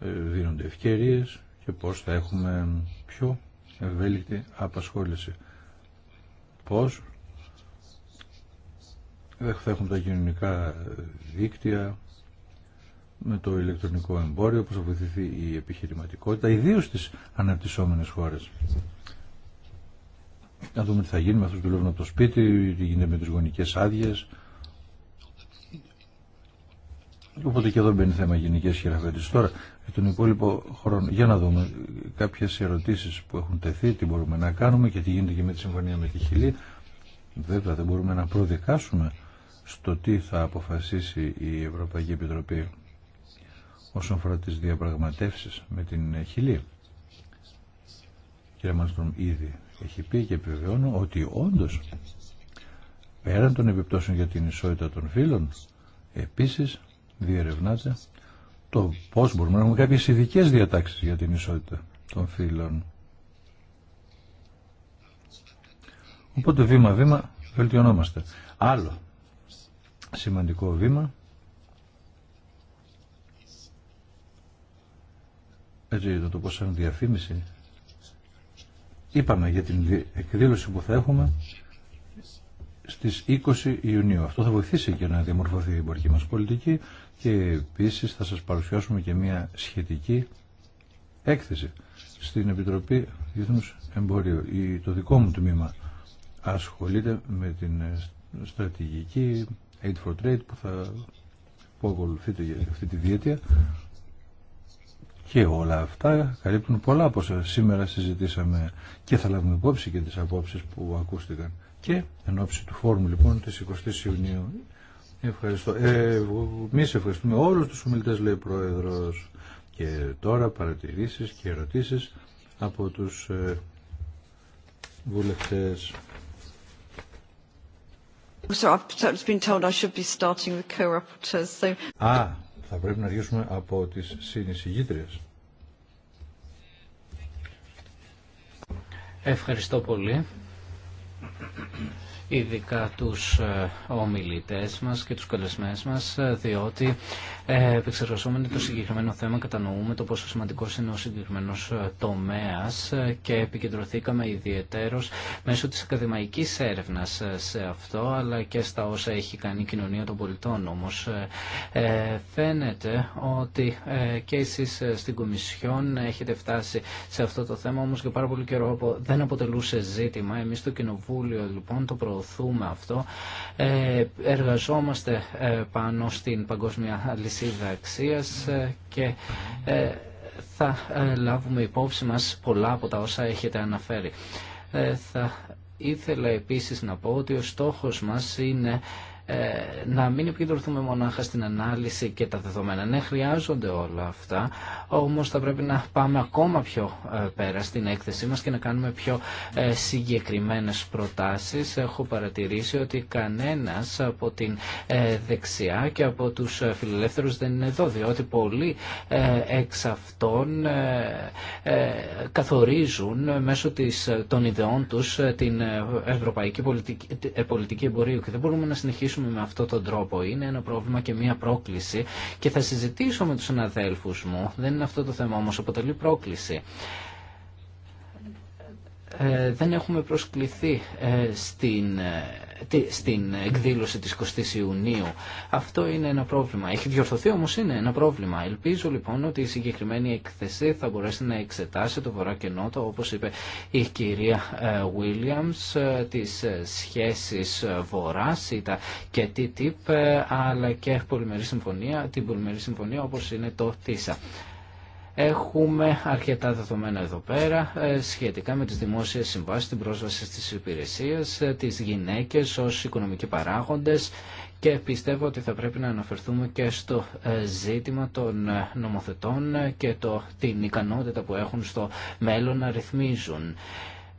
ε, δίνονται ευκαιρίε, και πώς θα έχουμε πιο ευέλικτη απασχόληση. Πώς θα έχουμε τα κοινωνικά δίκτυα με το ηλεκτρονικό εμπόριο, πώς θα βοηθηθεί η επιχειρηματικότητα, ιδίως στις αναπτυσσόμενες χώρες. Να δούμε τι θα γίνει με αυτούς που δουλεύουν από το σπίτι, τι γίνεται με τις γονικές άδειε. Οπότε και εδώ μπαίνει θέμα γενικές χειραφέτησης. Τώρα, τον υπόλοιπο χρόνο. Για να δούμε κάποιες ερωτήσεις που έχουν τεθεί, τι μπορούμε να κάνουμε και τι γίνεται και με τη συμφωνία με τη Χιλή. Βέβαια δεν μπορούμε να προδικάσουμε στο τι θα αποφασίσει η Ευρωπαϊκή Επιτροπή όσον αφορά τις διαπραγματεύσεις με την Χιλή. Κύριε Μάλστρομ ήδη έχει πει και επιβεβαιώνω ότι όντω πέραν των επιπτώσεων για την ισότητα των φύλων επίσης διερευνάται το πώ μπορούμε να έχουμε κάποιε ειδικέ διατάξει για την ισότητα των φύλων. Οπότε βήμα-βήμα βελτιωνόμαστε. Άλλο σημαντικό βήμα έτσι το το πω σαν διαφήμιση είπαμε για την εκδήλωση που θα έχουμε στις 20 Ιουνίου. Αυτό θα βοηθήσει και να διαμορφωθεί η εμπορική μας πολιτική, και επίσης θα σας παρουσιάσουμε και μια σχετική έκθεση στην Επιτροπή Διεθνούς Εμπορίου. Το δικό μου τμήμα ασχολείται με την ε, στρατηγική Aid for Trade που θα που για αυτή τη διέτεια και όλα αυτά καλύπτουν πολλά από όσα σήμερα συζητήσαμε και θα λάβουμε υπόψη και τις απόψεις που ακούστηκαν και εν ώψη του φόρμου λοιπόν της 20 Ιουνίου Ευχαριστώ. Ε, Εμεί ευχαριστούμε όλους τους ομιλητέ, λέει ο Πρόεδρος. Και τώρα παρατηρήσεις και ερωτήσεις από τους ε, βουλευτές. Α, θα πρέπει να αρχίσουμε από τις συνεισηγήτριε. Ευχαριστώ πολύ ειδικά τους ε, ομιλητές μας και τους καλεσμένους μας, ε, διότι ε, επεξεργασόμενοι το συγκεκριμένο θέμα κατανοούμε το πόσο σημαντικό είναι ο συγκεκριμένο τομέας και επικεντρωθήκαμε ιδιαιτέρως μέσω της ακαδημαϊκής έρευνας σε αυτό, αλλά και στα όσα έχει κάνει η κοινωνία των πολιτών. Όμως φαίνεται ότι και εσείς στην Κομισιόν έχετε φτάσει σε αυτό το θέμα, όμως και πάρα πολύ καιρό δεν αποτελούσε ζήτημα. Εμείς στο Κοινοβούλιο λοιπόν το προωθούμε προωθούμε αυτό. Ε, εργαζόμαστε ε, πάνω στην παγκόσμια λυσίδα αξίας ε, και θα λάβουμε υπόψη μας πολλά από τα όσα έχετε αναφέρει. Θα ήθελα επίσης να πω ότι ο στόχος μας είναι ε, να μην επικεντρωθούμε μονάχα στην ανάλυση και τα δεδομένα. Ναι, χρειάζονται όλα αυτά, όμως θα πρέπει να πάμε ακόμα πιο ε, πέρα στην έκθεσή μας και να κάνουμε πιο ε, συγκεκριμένες προτάσεις. Έχω παρατηρήσει ότι κανένας από την δεξιά και από τους φιλελεύθερους δεν είναι εδώ, διότι πολλοί εξ αυτών καθορίζουν μέσω της, των ιδεών τους την ευρωπαϊκή πολιτική, πολιτική εμπορίου και δεν μπορούμε να συνεχίσουμε αντιμετωπίσουμε με αυτόν τον τρόπο. Είναι ένα πρόβλημα και μία πρόκληση και θα συζητήσω με τους συναδέλφους μου. Δεν είναι αυτό το θέμα όμως, αποτελεί πρόκληση. Ε, δεν έχουμε προσκληθεί ε, ε, στην, εκδήλωση της 20ης Ιουνίου. Αυτό είναι ένα πρόβλημα. Έχει διορθωθεί όμως είναι ένα πρόβλημα. Ελπίζω λοιπόν ότι η συγκεκριμένη εκθεσή θα μπορέσει να εξετάσει το βορρά και νότο όπως είπε η κυρία Williams τις σχέσεις βορρά και TTIP αλλά και πολυμερή την πολυμερή συμφωνία όπως είναι το ΤΙΣΑ. Έχουμε αρκετά δεδομένα εδώ πέρα ε, σχετικά με τις δημόσιες συμβάσεις, την πρόσβαση στις υπηρεσίες, ε, τις γυναίκες ως οικονομικοί παράγοντες και πιστεύω ότι θα πρέπει να αναφερθούμε και στο ε, ζήτημα των νομοθετών και το, την ικανότητα που έχουν στο μέλλον να ρυθμίζουν.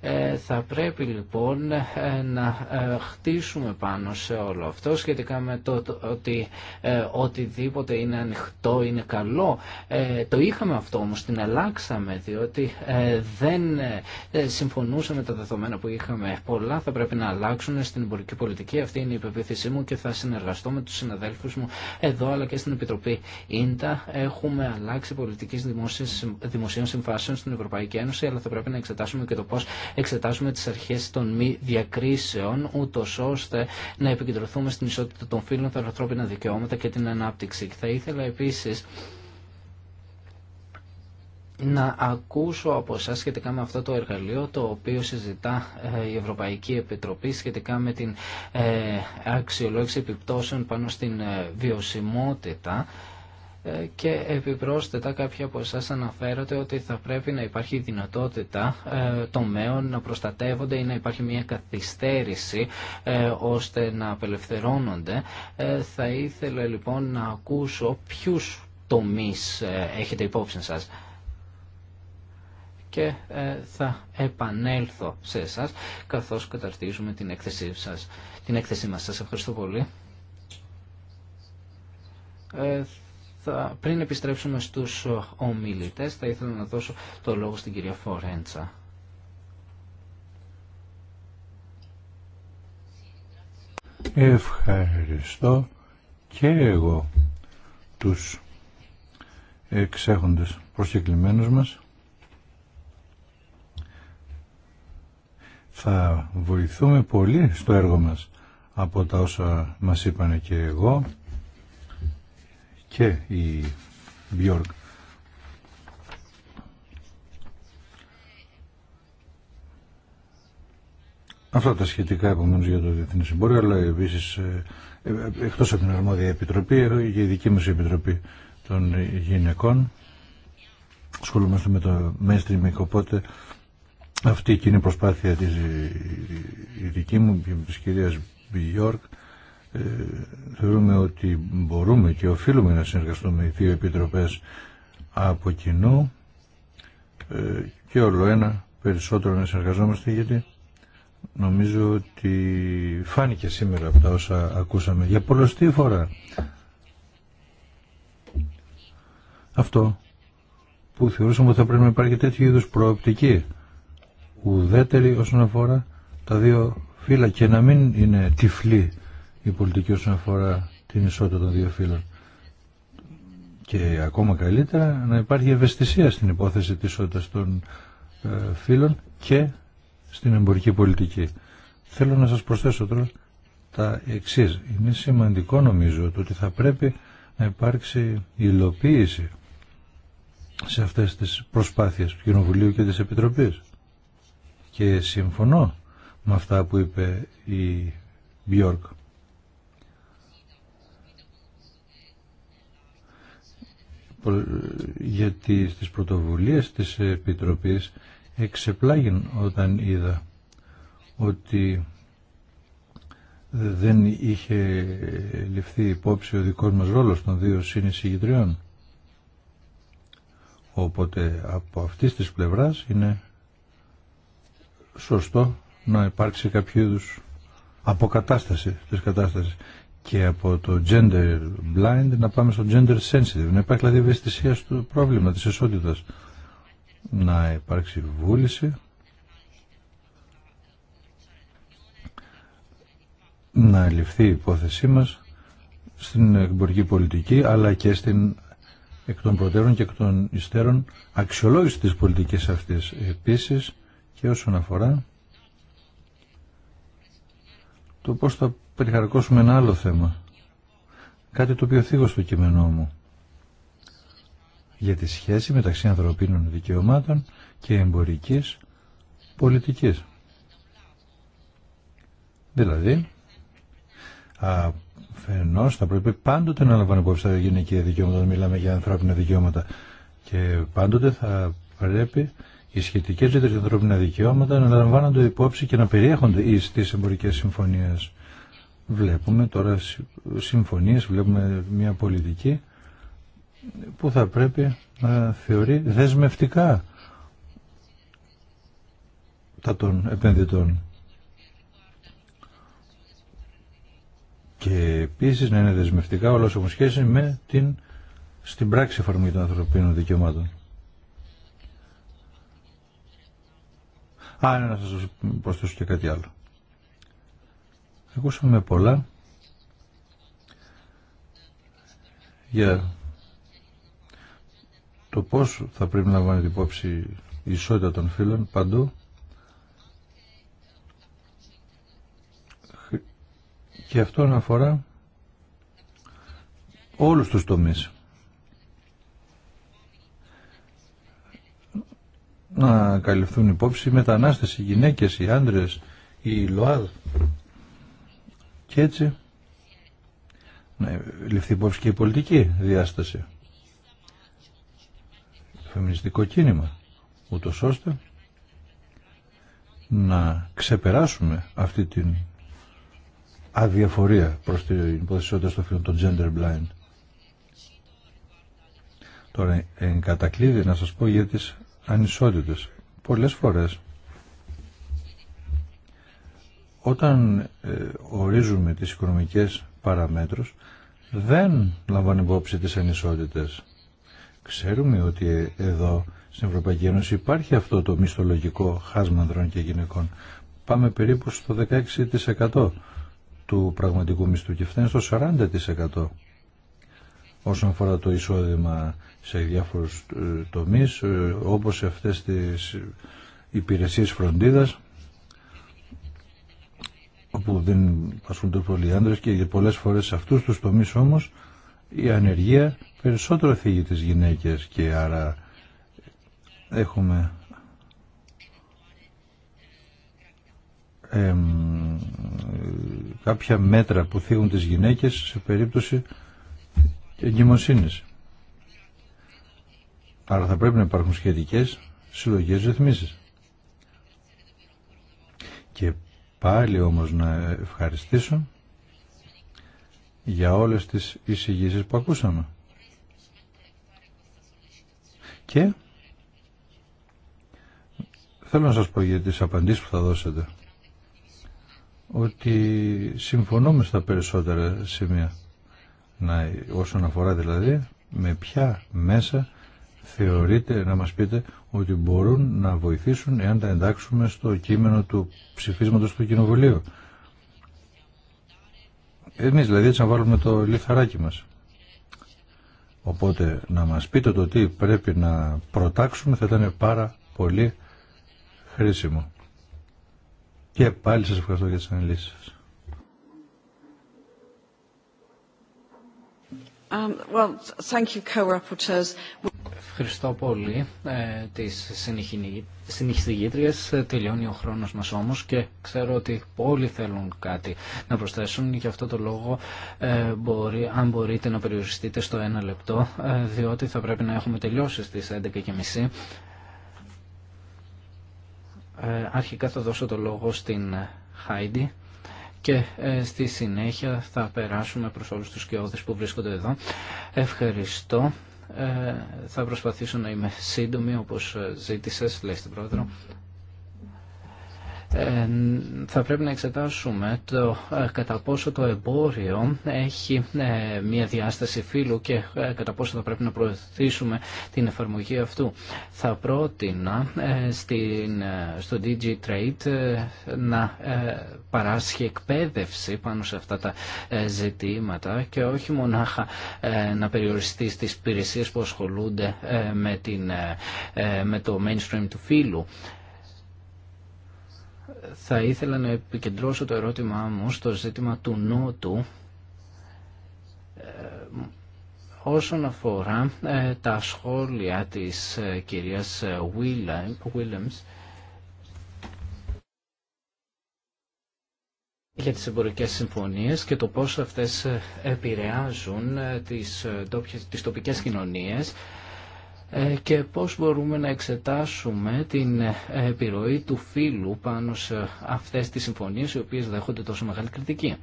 Ε, θα πρέπει λοιπόν ε, να ε, χτίσουμε πάνω σε όλο αυτό σχετικά με το ότι οτιδήποτε είναι ανοιχτό, είναι καλό. Το είχαμε αυτό όμως, την αλλάξαμε διότι δεν συμφωνούσαμε τα δεδομένα που είχαμε. Πολλά θα πρέπει να αλλάξουν στην εμπορική πολιτική. Αυτή είναι η υπεποίθησή μου και θα συνεργαστώ με τους συναδέλφους μου εδώ αλλά και στην Επιτροπή Ίντα. Έχουμε αλλάξει πολιτικής δημοσίων συμφάσεων στην Ευρωπαϊκή Ένωση αλλά θα πρέπει να εξετάσουμε και το πώς Εξετάζουμε τις αρχές των μη διακρίσεων, ούτω ώστε να επικεντρωθούμε στην ισότητα των φύλων, τα ανθρώπινα δικαιώματα και την ανάπτυξη. Θα ήθελα επίσης να ακούσω από εσά σχετικά με αυτό το εργαλείο το οποίο συζητά ε, η Ευρωπαϊκή Επιτροπή σχετικά με την ε, αξιολόγηση επιπτώσεων πάνω στην ε, βιωσιμότητα ε, και επιπρόσθετα κάποιοι από εσάς αναφέρατε ότι θα πρέπει να υπάρχει δυνατότητα ε, τομέων να προστατεύονται ή να υπάρχει μια καθυστέρηση ε, ώστε να απελευθερώνονται. Θα ήθελα λοιπόν να ακούσω ποιους τομείς έχετε υπόψη σας και θα επανέλθω σε εσάς καθώς καταρτίζουμε την έκθεσή, σας, την έκθεσή μας. Σας ευχαριστώ πολύ πριν επιστρέψουμε στους ε, ομιλητές θα ήθελα να δώσω το λόγο στην κυρία Φορέντσα. Ευχαριστώ και εγώ τους εξέχοντες προσκεκλημένους μας. Θα βοηθούμε πολύ στο έργο μας από τα όσα μας είπανε και εγώ και η Björk. Αυτά τα σχετικά επομένως για το Διεθνή Συμπόριο, αλλά επίσης ε, ε, εκτός από την αρμόδια επιτροπή, ε, και η δική μας επιτροπή των γυναικών. Ασχολούμαστε με το mainstream, οπότε αυτή η προσπάθεια της η δική μου, της κυρίας Björk, ε, θεωρούμε ότι μπορούμε και οφείλουμε να συνεργαστούμε οι δύο επιτροπές από κοινού ε, και όλο ένα περισσότερο να συνεργαζόμαστε γιατί νομίζω ότι φάνηκε σήμερα από τα όσα ακούσαμε για πολλωστή φορά αυτό που θεωρούσαμε ότι θα πρέπει να υπάρχει τέτοιου είδους προοπτική ουδέτερη όσον αφορά τα δύο φύλλα και να μην είναι τυφλή η πολιτική όσον αφορά την ισότητα των δύο φύλων. Και ακόμα καλύτερα να υπάρχει ευαισθησία στην υπόθεση της ισότητας των ε, φύλων και στην εμπορική πολιτική. Θέλω να σας προσθέσω τώρα τα εξή. Είναι σημαντικό νομίζω ότι θα πρέπει να υπάρξει υλοποίηση σε αυτές τις προσπάθειες του Κοινοβουλίου και της Επιτροπής. Και συμφωνώ με αυτά που είπε η Μπιόρκ. γιατί στις πρωτοβουλίες της Επιτροπής εξεπλάγει όταν είδα ότι δεν είχε ληφθεί υπόψη ο δικός μας ρόλος των δύο συνεισηγητριών. Οπότε από αυτής της πλευράς είναι σωστό να υπάρξει κάποιο είδου αποκατάσταση της κατάστασης και από το gender blind να πάμε στο gender sensitive. Να υπάρχει δηλαδή ευαισθησία στο πρόβλημα της ισότητας. Να υπάρξει βούληση. Να ληφθεί η υπόθεσή μας στην εμπορική πολιτική αλλά και στην εκ των προτέρων και εκ των υστέρων αξιολόγηση της πολιτικής αυτής επίσης και όσον αφορά το πώς θα περιχαρκώσουμε ένα άλλο θέμα. Κάτι το οποίο θίγω στο κείμενό μου. Για τη σχέση μεταξύ ανθρωπίνων δικαιωμάτων και εμπορικής πολιτικής. Δηλαδή, αφενό θα πρέπει πάντοτε να λαμβάνουμε υπόψη τα γυναικεία δικαιώματα, όταν μιλάμε για ανθρώπινα δικαιώματα και πάντοτε θα πρέπει οι σχετικέ για τα ανθρώπινα δικαιώματα να λαμβάνονται υπόψη και να περιέχονται ει τι εμπορικέ συμφωνίε. Βλέπουμε τώρα συμφωνίε, βλέπουμε μια πολιτική που θα πρέπει να θεωρεί δεσμευτικά τα των επενδυτών. Και επίσης να είναι δεσμευτικά όλα όσο έχουν σχέση με την στην πράξη εφαρμογή των ανθρωπίνων δικαιωμάτων. Α, να σα προσθέσω και κάτι άλλο. Ακούσαμε πολλά για το πώς θα πρέπει να την υπόψη η ισότητα των φύλων παντού και αυτό αφορά όλους τους τομείς. να καλυφθούν υπόψη οι μετανάστες, οι γυναίκες, οι άντρες, οι ΛΟΑΔ. Και έτσι να ληφθεί υπόψη και η πολιτική διάσταση. Φεμινιστικό κίνημα, ούτω ώστε να ξεπεράσουμε αυτή την αδιαφορία προς την υποθεσιότητα στο φίλο των gender blind. Τώρα, εν κατακλείδη, να σας πω για τις ανισότητες. Πολλές φορές όταν ε, ορίζουμε τις οικονομικές παραμέτρους δεν λαμβάνει υπόψη τις ανισότητες. Ξέρουμε ότι ε, εδώ στην Ευρωπαϊκή Ένωση υπάρχει αυτό το μισθολογικό χάσμα ανδρών και γυναικών. Πάμε περίπου στο 16% του πραγματικού μισθού και φτάνει στο 40% όσον αφορά το εισόδημα σε διάφορους ε, τομείς ε, όπως σε αυτές τις υπηρεσίες φροντίδας όπου δεν ασχολούνται πολλοί άντρες και πολλές φορές σε αυτούς τους τομείς όμως η ανεργία περισσότερο θίγει τις γυναίκες και άρα έχουμε κάποια μέτρα που θίγουν τις γυναίκες σε περίπτωση εγκυμοσύνης. Άρα θα πρέπει να υπάρχουν σχετικέ συλλογικέ ρυθμίσει. Και πάλι όμως να ευχαριστήσω για όλες τις εισηγήσει που ακούσαμε. Και θέλω να σας πω για τις απαντήσεις που θα δώσετε ότι συμφωνούμε στα περισσότερα σημεία να, όσον αφορά δηλαδή με ποια μέσα θεωρείτε να μας πείτε ότι μπορούν να βοηθήσουν εάν τα εντάξουμε στο κείμενο του ψηφίσματος του Κοινοβουλίου. Εμείς δηλαδή έτσι να βάλουμε το λιθαράκι μας. Οπότε να μας πείτε το τι πρέπει να προτάξουμε θα ήταν πάρα πολύ χρήσιμο. Και πάλι σας ευχαριστώ για τις αναλύσεις σας. Um, Ευχαριστώ πολύ ε, τις συνεχιστηγήτριες. Τελειώνει ο χρόνος μας όμως και ξέρω ότι όλοι θέλουν κάτι να προσθέσουν. Γι' αυτό το λόγο, ε, μπορεί, αν μπορείτε να περιοριστείτε στο ένα λεπτό, ε, διότι θα πρέπει να έχουμε τελειώσει στις 11.30. Ε, αρχικά θα δώσω το λόγο στην Χάιντι και ε, στη συνέχεια θα περάσουμε προς όλους τους κοιόδες που βρίσκονται εδώ. Ευχαριστώ. Ε, θα προσπαθήσω να είμαι σύντομη όπως ε, ζήτησες, λέει στην πρόεδρο. Ε, θα πρέπει να εξετάσουμε το ε, κατά πόσο το εμπόριο έχει ε, μια διάσταση φύλου και κατά πόσο θα πρέπει να προωθήσουμε την εφαρμογή αυτού. Θα πρότεινα στην, στο Digitrade Trade να παράσχει εκπαίδευση πάνω σε αυτά τα ζητήματα και όχι μονάχα να περιοριστεί στις υπηρεσίε που ασχολούνται με, την, με το mainstream του φύλου θα ήθελα να επικεντρώσω το ερώτημά μου στο ζήτημα του νότου ε, όσον αφορά ε, τα σχόλια της ε, κυρίας Williams για τις εμπορικές συμφωνίες και το πώς αυτές επηρεάζουν τις, τις τοπικές κοινωνίες ε, και πώς μπορούμε να εξετάσουμε την ε, επιρροή του φύλου πάνω σε αυτές τις συμφωνίες οι οποίες δέχονται τόσο μεγάλη κριτική.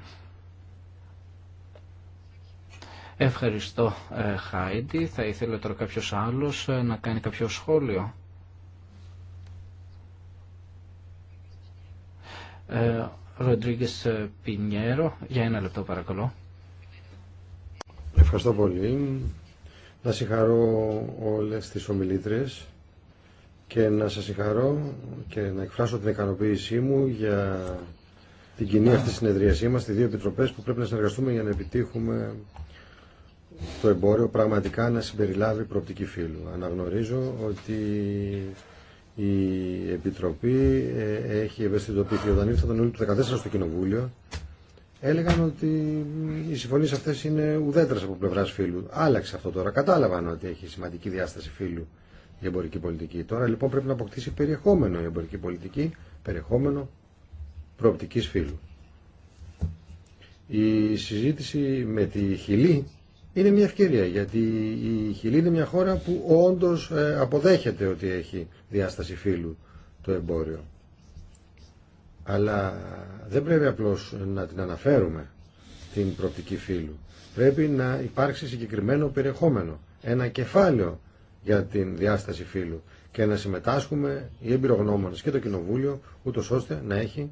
Ευχαριστώ ε, Χάιντι. Θα ήθελε τώρα κάποιος άλλος να κάνει κάποιο σχόλιο. Ροντρίγκες Πινιέρο, για ένα λεπτό παρακαλώ. Ευχαριστώ πολύ. Να συγχαρώ όλες τις ομιλήτρες και να σας συγχαρώ και να εκφράσω την ικανοποίησή μου για την κοινή αυτή συνεδρίασή μας, τις δύο επιτροπές που πρέπει να συνεργαστούμε για να επιτύχουμε το εμπόριο πραγματικά να συμπεριλάβει προοπτική φύλου. Αναγνωρίζω ότι η Επιτροπή ε, έχει ευαισθητοποιηθεί. Όταν ήρθα τον Ιούλιο του 2014 στο Κοινοβούλιο, έλεγαν ότι οι συμφωνίες αυτές είναι ουδέτερες από πλευράς φίλου. Άλλαξε αυτό τώρα. Κατάλαβαν ότι έχει σημαντική διάσταση φίλου η εμπορική πολιτική. Τώρα λοιπόν πρέπει να αποκτήσει περιεχόμενο η εμπορική πολιτική, περιεχόμενο προοπτικής φίλου. Η συζήτηση με τη Χιλή είναι μια ευκαιρία γιατί η Χιλή είναι μια χώρα που όντως ε, αποδέχεται ότι έχει διάσταση φίλου το εμπόριο. Αλλά δεν πρέπει απλώς να την αναφέρουμε την προοπτική φύλου. Πρέπει να υπάρξει συγκεκριμένο περιεχόμενο, ένα κεφάλαιο για την διάσταση φύλου και να συμμετάσχουμε οι εμπειρογνώμονες και το Κοινοβούλιο ούτως ώστε να έχει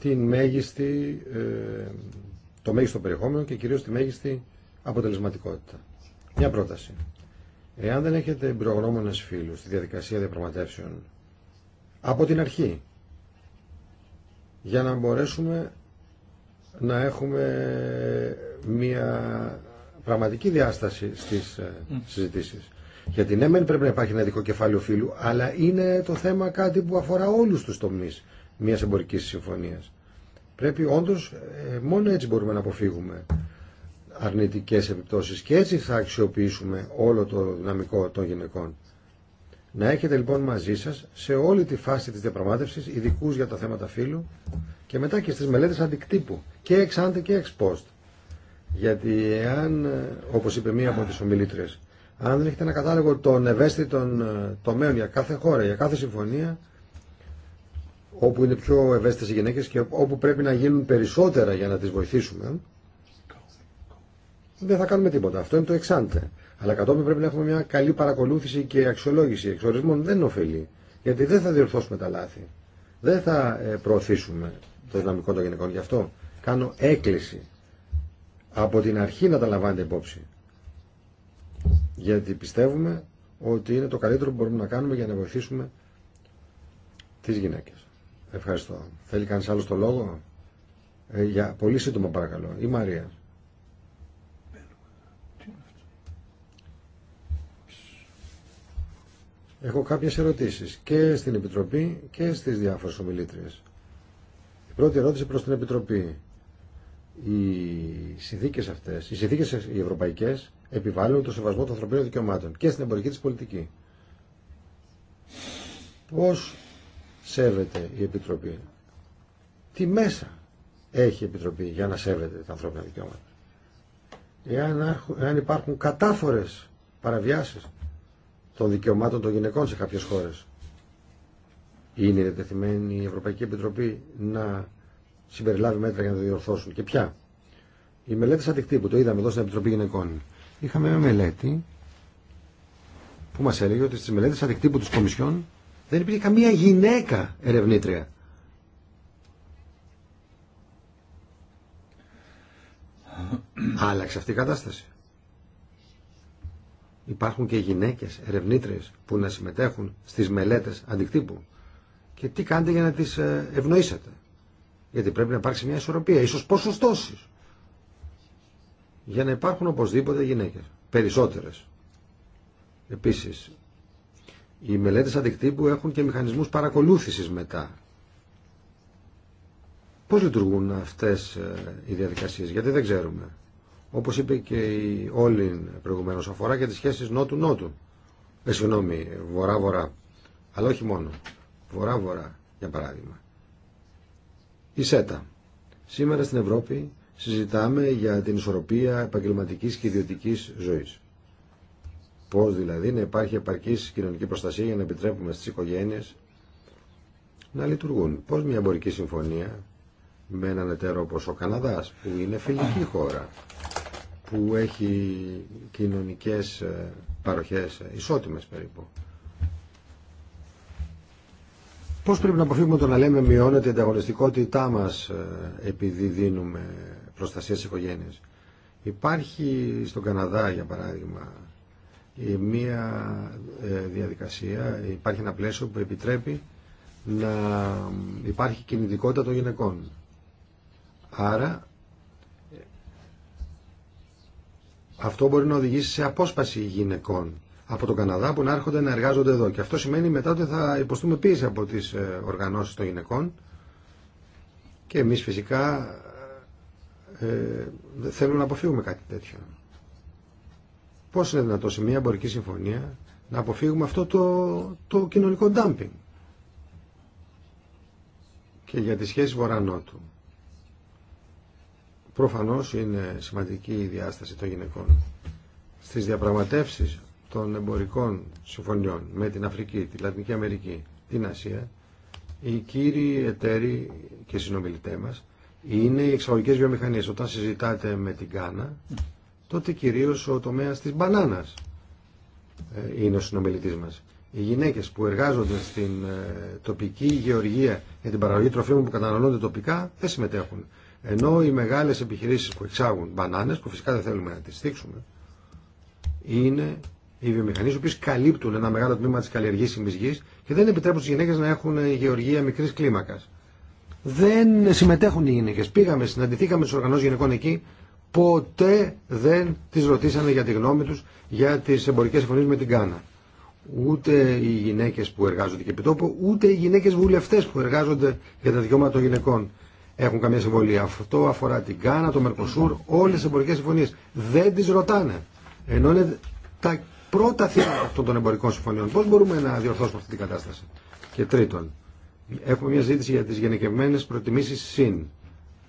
την μέγιστη, ε, το μέγιστο περιεχόμενο και κυρίως τη μέγιστη αποτελεσματικότητα. Μια πρόταση. Εάν δεν έχετε εμπειρογνώμονες φύλου στη διαδικασία διαπραγματεύσεων από την αρχή για να μπορέσουμε να έχουμε μια πραγματική διάσταση στις ε, συζητήσεις. Γιατί ναι, μεν πρέπει να υπάρχει ένα ειδικό κεφάλαιο φίλου, αλλά είναι το θέμα κάτι που αφορά όλους τους τομείς μια εμπορική συμφωνίας. Πρέπει όντως, ε, μόνο έτσι μπορούμε να αποφύγουμε αρνητικέ επιπτώσει και έτσι θα αξιοποιήσουμε όλο το δυναμικό των γυναικών. Να έχετε λοιπόν μαζί σας σε όλη τη φάση της διαπραγμάτευσης ειδικού για τα θέματα φύλου και μετά και στις μελέτες αντικτύπου και εξ άντε και εξ post. Γιατί εάν, ε, όπως είπε μία από τις ομιλήτρες, αν δεν έχετε ένα κατάλογο των ευαίσθητων ε, τομέων για κάθε χώρα, για κάθε συμφωνία, όπου είναι πιο ευαίσθητες οι γυναίκες και όπου πρέπει να γίνουν περισσότερα για να τις βοηθήσουμε, δεν θα κάνουμε τίποτα. Αυτό είναι το εξάντε. Αλλά κατόπιν πρέπει να έχουμε μια καλή παρακολούθηση και αξιολόγηση. Εξορισμών δεν ωφελεί. Γιατί δεν θα διορθώσουμε τα λάθη. Δεν θα ε, προωθήσουμε το δυναμικό των γυναικών. Γι' αυτό κάνω έκκληση από την αρχή να τα λαμβάνετε υπόψη. Γιατί πιστεύουμε ότι είναι το καλύτερο που μπορούμε να κάνουμε για να βοηθήσουμε τις γυναίκες. Ευχαριστώ. Θέλει κανείς άλλο το λόγο. Ε, για, πολύ σύντομα παρακαλώ. Η Μαρία. Έχω κάποιες ερωτήσεις και στην Επιτροπή και στις διάφορες ομιλήτριες. Η πρώτη ερώτηση προς την Επιτροπή. Οι συνθήκες αυτές, οι συνθήκες οι ευρωπαϊκές επιβάλλουν το σεβασμό των ανθρωπίνων δικαιωμάτων και στην εμπορική της πολιτική. Πώς σέβεται η Επιτροπή. Τι μέσα έχει η Επιτροπή για να σέβεται τα ανθρώπινα δικαιώματα. Εάν υπάρχουν κατάφορες παραβιάσεις των δικαιωμάτων των γυναικών σε κάποιες χώρες. Είναι διατεθειμένη η Ευρωπαϊκή Επιτροπή να συμπεριλάβει μέτρα για να το διορθώσουν. Και ποια. η μελέτε που το είδαμε εδώ στην Επιτροπή Γυναικών. Είχαμε μια μελέτη που μας έλεγε ότι στις μελέτες αντικτύπου τη Κομισιόν δεν υπήρχε καμία γυναίκα ερευνήτρια. Άλλαξε αυτή η κατάσταση υπάρχουν και γυναίκες ερευνήτριες που να συμμετέχουν στις μελέτες αντικτύπου και τι κάνετε για να τις ε, ευνοήσετε. Γιατί πρέπει να υπάρξει μια ισορροπία, ίσως ποσοστώσεις, για να υπάρχουν οπωσδήποτε γυναίκες, περισσότερες. Επίσης, οι μελέτες αντικτύπου έχουν και μηχανισμούς παρακολούθησης μετά. Πώς λειτουργούν αυτές ε, οι διαδικασίες, γιατί δεν ξέρουμε. Όπω είπε και η Όλυν προηγουμένως, αφορά και τις σχέσεις νότου-νότου. Ε, συγγνώμη, βορρά-βορρά. Αλλά όχι μόνο. Βορρά-βορρά, για παράδειγμα. Η ΣΕΤΑ. Σήμερα στην Ευρώπη συζητάμε για την ισορροπία επαγγελματική και ιδιωτική ζωής. Πώς δηλαδή να υπάρχει επαρκής κοινωνική προστασία για να επιτρέπουμε στις οικογένειε να λειτουργούν. πώ μια εμπορική συμφωνία με έναν εταίρο όπω ο Καναδά, που είναι φιλική χώρα που έχει κοινωνικές ε, παροχές ε, ισότιμες περίπου. Πώς πρέπει να αποφύγουμε το να λέμε μειώνεται η ανταγωνιστικότητά μας ε, επειδή δίνουμε προστασία στις οικογένειες. Υπάρχει στον Καναδά για παράδειγμα μία διαδικασία, υπάρχει ένα πλαίσιο που επιτρέπει να υπάρχει κινητικότητα των γυναικών. Άρα Αυτό μπορεί να οδηγήσει σε απόσπαση γυναικών από τον Καναδά που να έρχονται να εργάζονται εδώ. Και αυτό σημαίνει μετά ότι θα υποστούμε πίεση από τις ε, οργανώσεις των γυναικών και εμείς φυσικά ε, θέλουμε να αποφύγουμε κάτι τέτοιο. Πώς είναι δυνατό σε μια εμπορική συμφωνία να αποφύγουμε αυτό το, το κοινωνικό ντάμπινγκ και για τις σχέσεις Προφανώς είναι σημαντική η διάσταση των γυναικών. Στις διαπραγματεύσεις των εμπορικών συμφωνιών με την Αφρική, τη Λατινική Αμερική, την Ασία, οι κύριοι εταίροι και συνομιλητέ μας είναι οι εξαγωγικές βιομηχανίες. Όταν συζητάτε με την Κάνα, τότε κυρίως ο τομέας της μπανάνας ε, είναι ο συνομιλητής μας. Οι γυναίκες που εργάζονται στην ε, τοπική γεωργία για την παραγωγή τροφίμων που καταναλώνται τοπικά δεν συμμετέχουν. Ενώ οι μεγάλες επιχειρήσεις που εξάγουν μπανάνες, που φυσικά δεν θέλουμε να τις στήξουμε, είναι οι βιομηχανίε, που καλύπτουν ένα μεγάλο τμήμα τη καλλιεργής γη και δεν επιτρέπουν στις γυναίκες να έχουν γεωργία μικρής κλίμακας. Δεν συμμετέχουν οι γυναίκες. Πήγαμε, συναντηθήκαμε στους οργανώσεις γυναικών εκεί, ποτέ δεν τις ρωτήσανε για τη γνώμη του για τι εμπορικέ συμφωνίες με την Κάνα. Ούτε οι γυναίκες που εργάζονται και επιτόπου, ούτε οι γυναίκε βουλευτέ που εργάζονται για τα δικαιώματα των γυναικών έχουν καμία συμβολή. Αυτό αφορά την Κάνα, το Μερκοσούρ, όλε τι εμπορικέ συμφωνίε. Δεν τι ρωτάνε. Ενώ είναι τα πρώτα θύματα αυτών των εμπορικών συμφωνιών. Πώ μπορούμε να διορθώσουμε αυτή την κατάσταση. Και τρίτον, έχουμε μια ζήτηση για τι γενικευμένε προτιμήσει συν.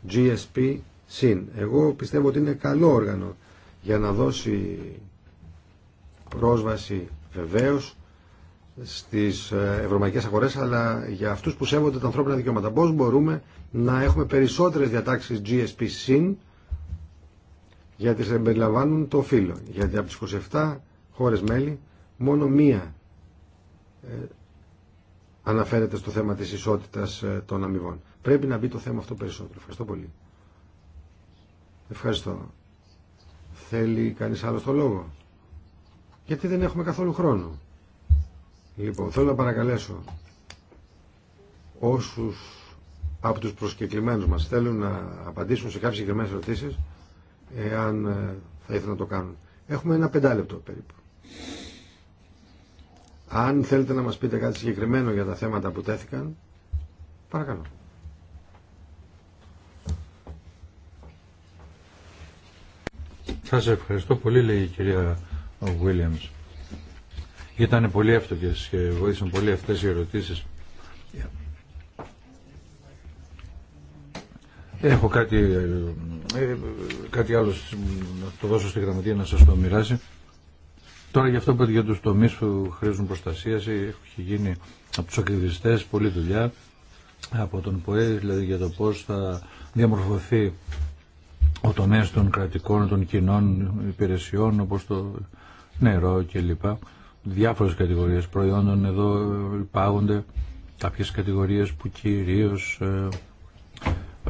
GSP συν. Εγώ πιστεύω ότι είναι καλό όργανο για να δώσει πρόσβαση βεβαίω. Στι ε, Ευρωπαϊκέ αγορές αλλά για αυτούς που σέβονται τα ανθρώπινα δικαιώματα. Πώ μπορούμε να έχουμε περισσότερες διατάξεις GSP συν γιατί συμπεριλαμβάνουν το φύλλο. Γιατί από τις 27 χώρες μέλη μόνο μία ε, αναφέρεται στο θέμα της ισότητας ε, των αμοιβών. Πρέπει να μπει το θέμα αυτό περισσότερο. Ευχαριστώ πολύ. Ευχαριστώ. Θέλει κανείς άλλο το λόγο. Γιατί δεν έχουμε καθόλου χρόνο. Λοιπόν, θέλω να παρακαλέσω όσους από τους προσκεκλημένους μας θέλουν να απαντήσουν σε κάποιες συγκεκριμένες ερωτήσεις, εάν ε, θα ήθελαν να το κάνουν. Έχουμε ένα πεντάλεπτο περίπου. Αν θέλετε να μας πείτε κάτι συγκεκριμένο για τα θέματα που τέθηκαν, παρακαλώ. Σας ευχαριστώ πολύ, λέει η κυρία Williams. Ήταν πολύ εύτοκε και βοήθησαν πολύ αυτέ οι ερωτήσεις. Έχω κάτι, ε, ε, κάτι άλλο να το δώσω στη γραμματεία να σα το μοιράσει. Τώρα για αυτό που για του τομεί που χρήζουν προστασία έχει γίνει από του ακριβιστέ πολλή δουλειά από τον ΠΟΕ δηλαδή για το πώ θα διαμορφωθεί ο τομέα των κρατικών, των κοινών υπηρεσιών όπω το νερό κλπ διάφορες κατηγορίες προϊόντων. Εδώ υπάγονται κάποιες κατηγορίες που κυρίως ε,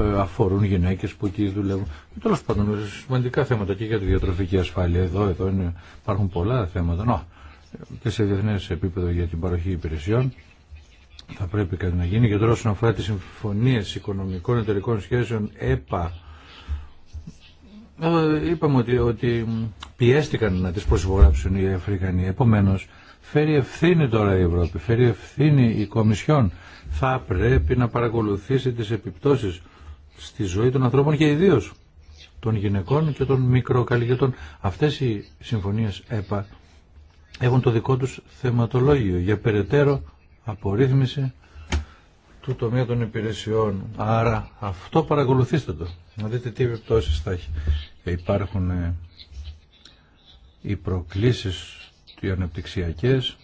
ε, αφορούν γυναίκες που εκεί δουλεύουν. Τέλο πάντων, σημαντικά θέματα και για τη διατροφική ασφάλεια. Εδώ, εδώ είναι, υπάρχουν πολλά θέματα. Νο, και σε διεθνέ επίπεδο για την παροχή υπηρεσιών θα πρέπει κάτι να γίνει. Και τώρα, όσον αφορά τι συμφωνίε οικονομικών εταιρικών σχέσεων, ΕΠΑ, ε, είπαμε ότι, ότι πιέστηκαν να τις προσφοράψουν οι Αφρικανοί. Επομένως, φέρει ευθύνη τώρα η Ευρώπη, φέρει ευθύνη η Κομισιόν. Θα πρέπει να παρακολουθήσει τις επιπτώσεις στη ζωή των ανθρώπων και ιδίω των γυναικών και των μικροκαλλιγετών Αυτές οι συμφωνίες ΕΠΑ έχουν το δικό τους θεματολόγιο για περαιτέρω απορρίθμιση του τομέα των υπηρεσιών. Άρα αυτό παρακολουθήστε το. Να δείτε τι επιπτώσεις θα έχει. Ε, υπάρχουν ε, οι προκλήσεις οι ανεπτυξιακές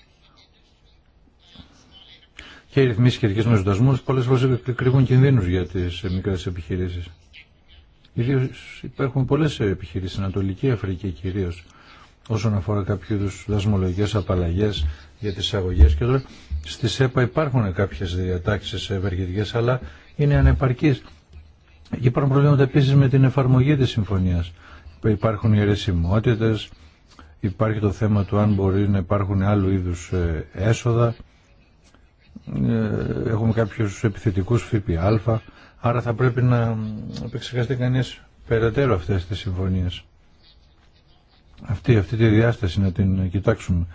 και οι ρυθμίσεις σχετικές με ζωντασμούς πολλές φορές κρύβουν κινδύνους για τις ε, μικρές επιχειρήσεις. Ιδίως υπάρχουν πολλές επιχειρήσεις, Ανατολική Αφρική κυρίως, όσον αφορά κάποιου είδους δασμολογικέ απαλλαγέ για τις αγωγές και τώρα. Στη ΣΕΠΑ υπάρχουν κάποιες διατάξεις ευεργετικές αλλά είναι ανεπαρκείς. Υπάρχουν προβλήματα επίση με την εφαρμογή της συμφωνίας. Υπάρχουν αιρεσιμότητε, υπάρχει το θέμα του αν μπορεί να υπάρχουν άλλου είδους ε, έσοδα, ε, έχουμε κάποιους επιθετικούς ΦΠΑ, άρα θα πρέπει να επεξεργαστεί κανείς περαιτέρω αυτές τις συμφωνίες. Αυτή, αυτή τη διάσταση να την κοιτάξουμε,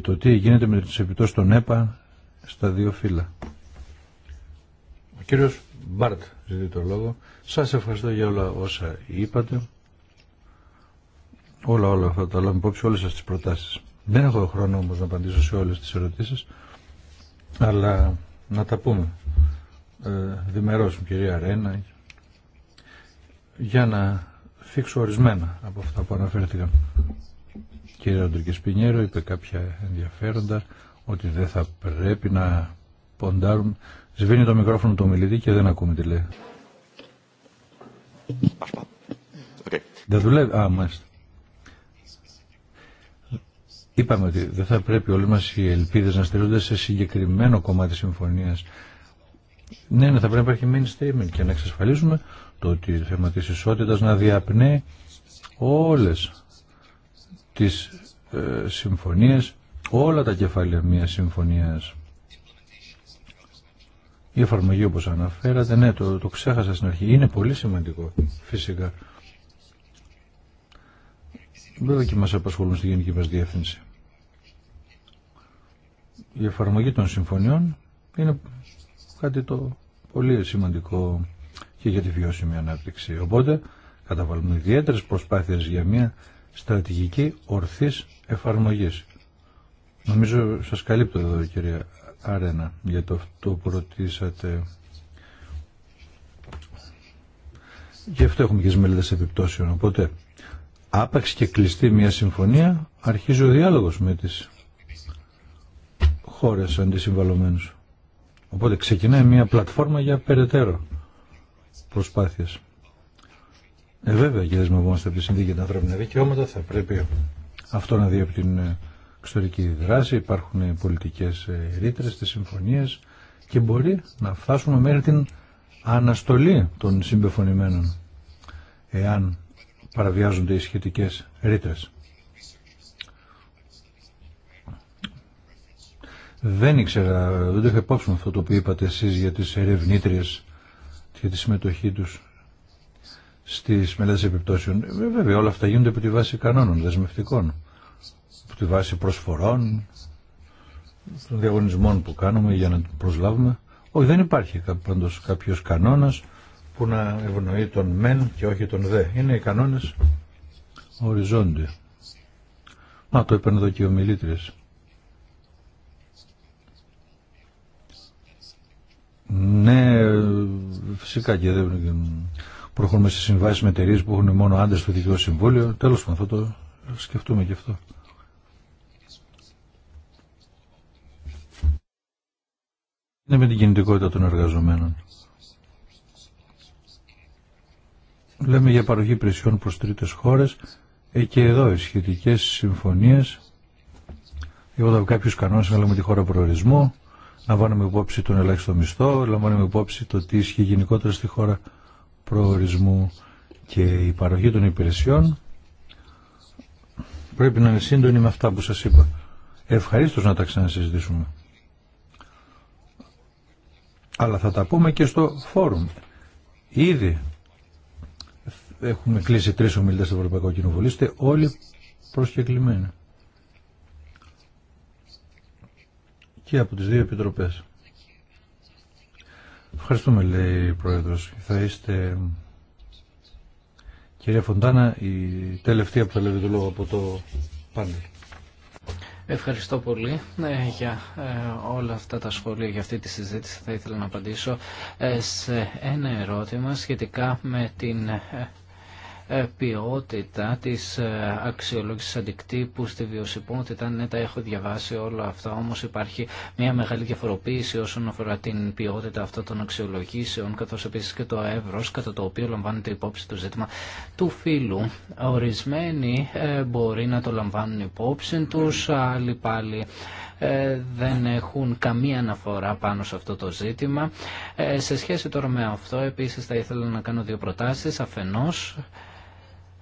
το τι γίνεται με τι επιπτώσει των ΕΠΑ στα δύο φύλλα. Ο Μπάρτ. Σα το λόγο. Σας ευχαριστώ για όλα όσα είπατε. Όλα, όλα αυτά τα λάβουμε υπόψη, όλες σας τις προτάσεις. Δεν έχω χρόνο όμως να απαντήσω σε όλες τις ερωτήσεις, αλλά να τα πούμε. Ε, μου, κυρία Ρένα, για να φύξω ορισμένα από αυτά που αναφέρθηκαν. Κύριε Ροντρικης Πινιέρο είπε κάποια ενδιαφέροντα ότι δεν θα πρέπει να ποντάρουν Σβήνει το μικρόφωνο του ομιλητή και δεν ακούμε τι λέει. Okay. Δεν δουλεύει. Α, μάλιστα. Είπαμε ότι δεν θα πρέπει όλοι μας οι ελπίδες να στηρίζονται σε συγκεκριμένο κομμάτι συμφωνίας. Ναι, ναι, θα πρέπει να υπάρχει main statement και να εξασφαλίσουμε το ότι το θέμα της ισότητας να διαπνέει όλες τις ε, συμφωνίες, όλα τα κεφάλαια μιας συμφωνίας. Η εφαρμογή όπως αναφέρατε, ναι, το, το ξέχασα στην αρχή. Είναι πολύ σημαντικό, φυσικά. Βέβαια και μας απασχολούν στη γενική μας διεύθυνση. Η εφαρμογή των συμφωνιών είναι κάτι το πολύ σημαντικό και για τη βιώσιμη ανάπτυξη. Οπότε καταβάλουμε ιδιαίτερες προσπάθειες για μια στρατηγική ορθής εφαρμογής. Νομίζω σας καλύπτω εδώ κυρία Άρενα για το αυτό που ρωτήσατε. Γι' αυτό έχουμε και τι επιπτώσεων. Οπότε, άπαξ και κλειστή μια συμφωνία, αρχίζει ο διάλογος με τι χώρε αντισυμβαλωμένου. Οπότε ξεκινάει μια πλατφόρμα για περαιτέρω προσπάθειε. Ε, βέβαια και δεσμευόμαστε από τη συνθήκη τα ανθρώπινα δικαιώματα, θα πρέπει αυτό να δει από την εξωτερική δράση, υπάρχουν πολιτικές ε, ρήτρες στις συμφωνίες και μπορεί να φτάσουμε μέχρι την αναστολή των συμπεφωνημένων εάν παραβιάζονται οι σχετικές ρήτρες. Δεν ήξερα, δεν το είχα υπόψη αυτό το οποίο είπατε εσείς για τις ερευνήτριες και τη συμμετοχή τους στις μελέτες επιπτώσεων. Ε, βέβαια όλα αυτά γίνονται από τη βάση κανόνων δεσμευτικών στη βάση προσφορών, των διαγωνισμών που κάνουμε για να προσλάβουμε. Όχι, δεν υπάρχει πάντως κάποιος κανόνας που να ευνοεί τον μεν και όχι τον δε. Είναι οι κανόνες οριζόντιοι. Μα το είπαν εδώ και οι ομιλήτρες. Ναι, φυσικά και δεν προχωρούμε σε συμβάσεις με εταιρείε που έχουν μόνο άντρες στο Διοικητικό Συμβούλιο. Τέλος πάντων, θα το σκεφτούμε και αυτό. είναι με την κινητικότητα των εργαζομένων. Λέμε για παροχή υπηρεσιών προς τρίτες χώρες ε, και εδώ οι σχετικές συμφωνίες θα κάποιους κανόνες να λέμε τη χώρα προορισμού να βάλουμε υπόψη τον ελάχιστο μισθό να βάλουμε υπόψη το τι ισχύει γενικότερα στη χώρα προορισμού και η παροχή των υπηρεσιών πρέπει να είναι σύντονη με αυτά που σας είπα. Ευχαρίστως να τα ξανασυζητήσουμε. Αλλά θα τα πούμε και στο φόρουμ. Ήδη έχουμε κλείσει τρεις ομιλητές στο Ευρωπαϊκό Κοινοβουλίο. Είστε όλοι προσκεκλημένοι. Και από τις δύο επιτροπές. Ευχαριστούμε, λέει η Πρόεδρος. Θα είστε... Κυρία Φοντάνα, η τελευταία που θα το λόγο από το πάνελ. Ευχαριστώ πολύ ε, για ε, όλα αυτά τα σχόλια για αυτή τη συζήτηση. Θα ήθελα να απαντήσω ε, σε ένα ερώτημα σχετικά με την ε, ποιότητα της ε, αξιολόγησης αντικτύπου στη βιωσιμότητα. Ναι, τα έχω διαβάσει όλα αυτά, όμως υπάρχει μια μεγάλη διαφοροποίηση όσον αφορά την ποιότητα αυτών των αξιολογήσεων, καθώς επίσης και το εύρος, κατά το οποίο λαμβάνεται υπόψη το ζήτημα του φύλου. Ορισμένοι ε, μπορεί να το λαμβάνουν υπόψη τους, άλλοι πάλι δεν έχουν καμία αναφορά πάνω σε αυτό το ζήτημα. Σε σχέση τώρα με αυτό, επίσης θα ήθελα να κάνω δύο προτάσει Αφενός,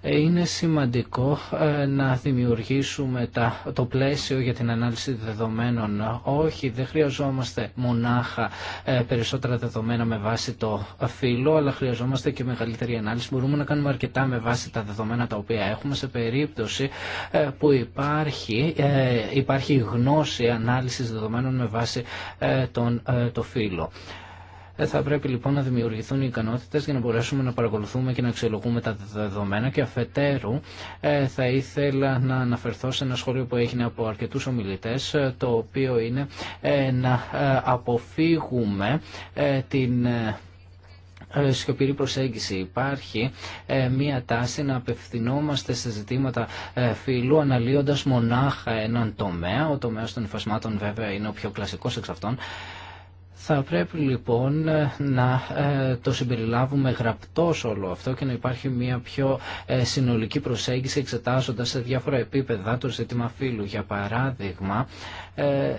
ε, είναι σημαντικό ε, να δημιουργήσουμε το πλαίσιο για την ανάλυση δεδομένων. Όχι, δεν χρειαζόμαστε μονάχα ε, περισσότερα δεδομένα με βάση το φύλλο, αλλά χρειαζόμαστε και μεγαλύτερη ανάλυση. Μπορούμε να κάνουμε αρκετά με βάση τα δεδομένα τα οποία έχουμε σε περίπτωση που υπάρχει, υπάρχει γνώση ανάλυσης δεδομένων με βάση τον, το φύλλο. Ε, θα πρέπει λοιπόν να δημιουργηθούν οι ικανότητες για να μπορέσουμε να παρακολουθούμε και να αξιολογούμε τα δεδομένα και αφετέρου ε, θα ήθελα να αναφερθώ σε ένα σχόλιο που έγινε από αρκετούς ομιλητές ε, το οποίο είναι να αποφύγουμε την σιωπηρή προσέγγιση. Υπάρχει μία τάση να απευθυνόμαστε σε ζητήματα ε, φύλου αναλύοντας μονάχα έναν τομέα. Ο τομέας των υφασμάτων βέβαια είναι ο πιο κλασικός εξ αυτών. Θα πρέπει λοιπόν ε, να ε, το συμπεριλάβουμε γραπτό όλο αυτό και να υπάρχει μια πιο ε, συνολική προσέγγιση εξετάζοντας σε διάφορα επίπεδα το ζήτημα φύλου. Για παράδειγμα, ε,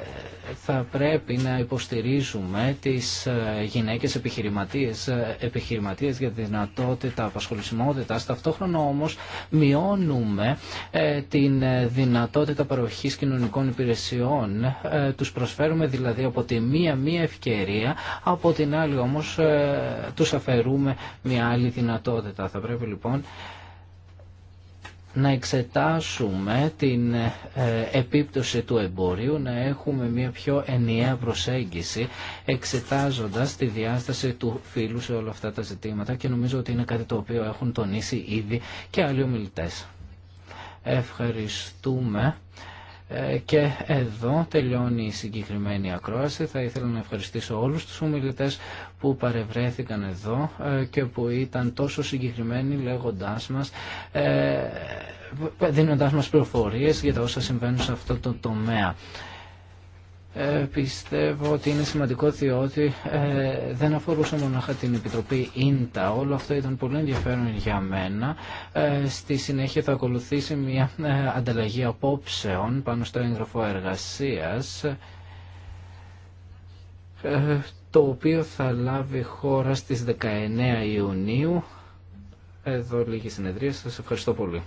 θα πρέπει να υποστηρίζουμε τις ε, γυναίκες επιχειρηματίες, ε, επιχειρηματίες για δυνατότητα απασχολησιμότητας. Ταυτόχρονα όμως μειώνουμε την δυνατότητα παροχής κοινωνικών υπηρεσιών. Τους προσφέρουμε δηλαδή από τη μία μία ευκαιρία, από την άλλη όμως τους αφαιρούμε μια άλλη δυνατότητα. Θα πρέπει λοιπόν να εξετάσουμε την ε, επίπτωση του εμπόριου, να έχουμε μια πιο ενιαία προσέγγιση εξετάζοντας τη διάσταση του φίλου σε όλα αυτά τα ζητήματα και νομίζω ότι είναι κάτι το οποίο έχουν τονίσει ήδη και άλλοι ομιλητές. Ευχαριστούμε. Ε, και εδώ τελειώνει η συγκεκριμένη ακρόαση. Θα ήθελα να ευχαριστήσω όλους τους ομιλητές που παρευρέθηκαν εδώ ε, και που ήταν τόσο συγκεκριμένοι λέγοντάς μας, ε, δίνοντάς μας πληροφορίες για τα όσα συμβαίνουν σε αυτό το τομέα. Ε, πιστεύω ότι είναι σημαντικό διότι ε, δεν αφορούσε μόνο την Επιτροπή Ίντα. Όλο αυτό ήταν πολύ ενδιαφέρον για μένα. Ε, στη συνέχεια θα ακολουθήσει μια ε, ανταλλαγή απόψεων πάνω στο έγγραφο εργασίας το οποίο θα λάβει χώρα στις 19 Ιουνίου. Εδώ λίγη συνεδρία. Σας ευχαριστώ πολύ.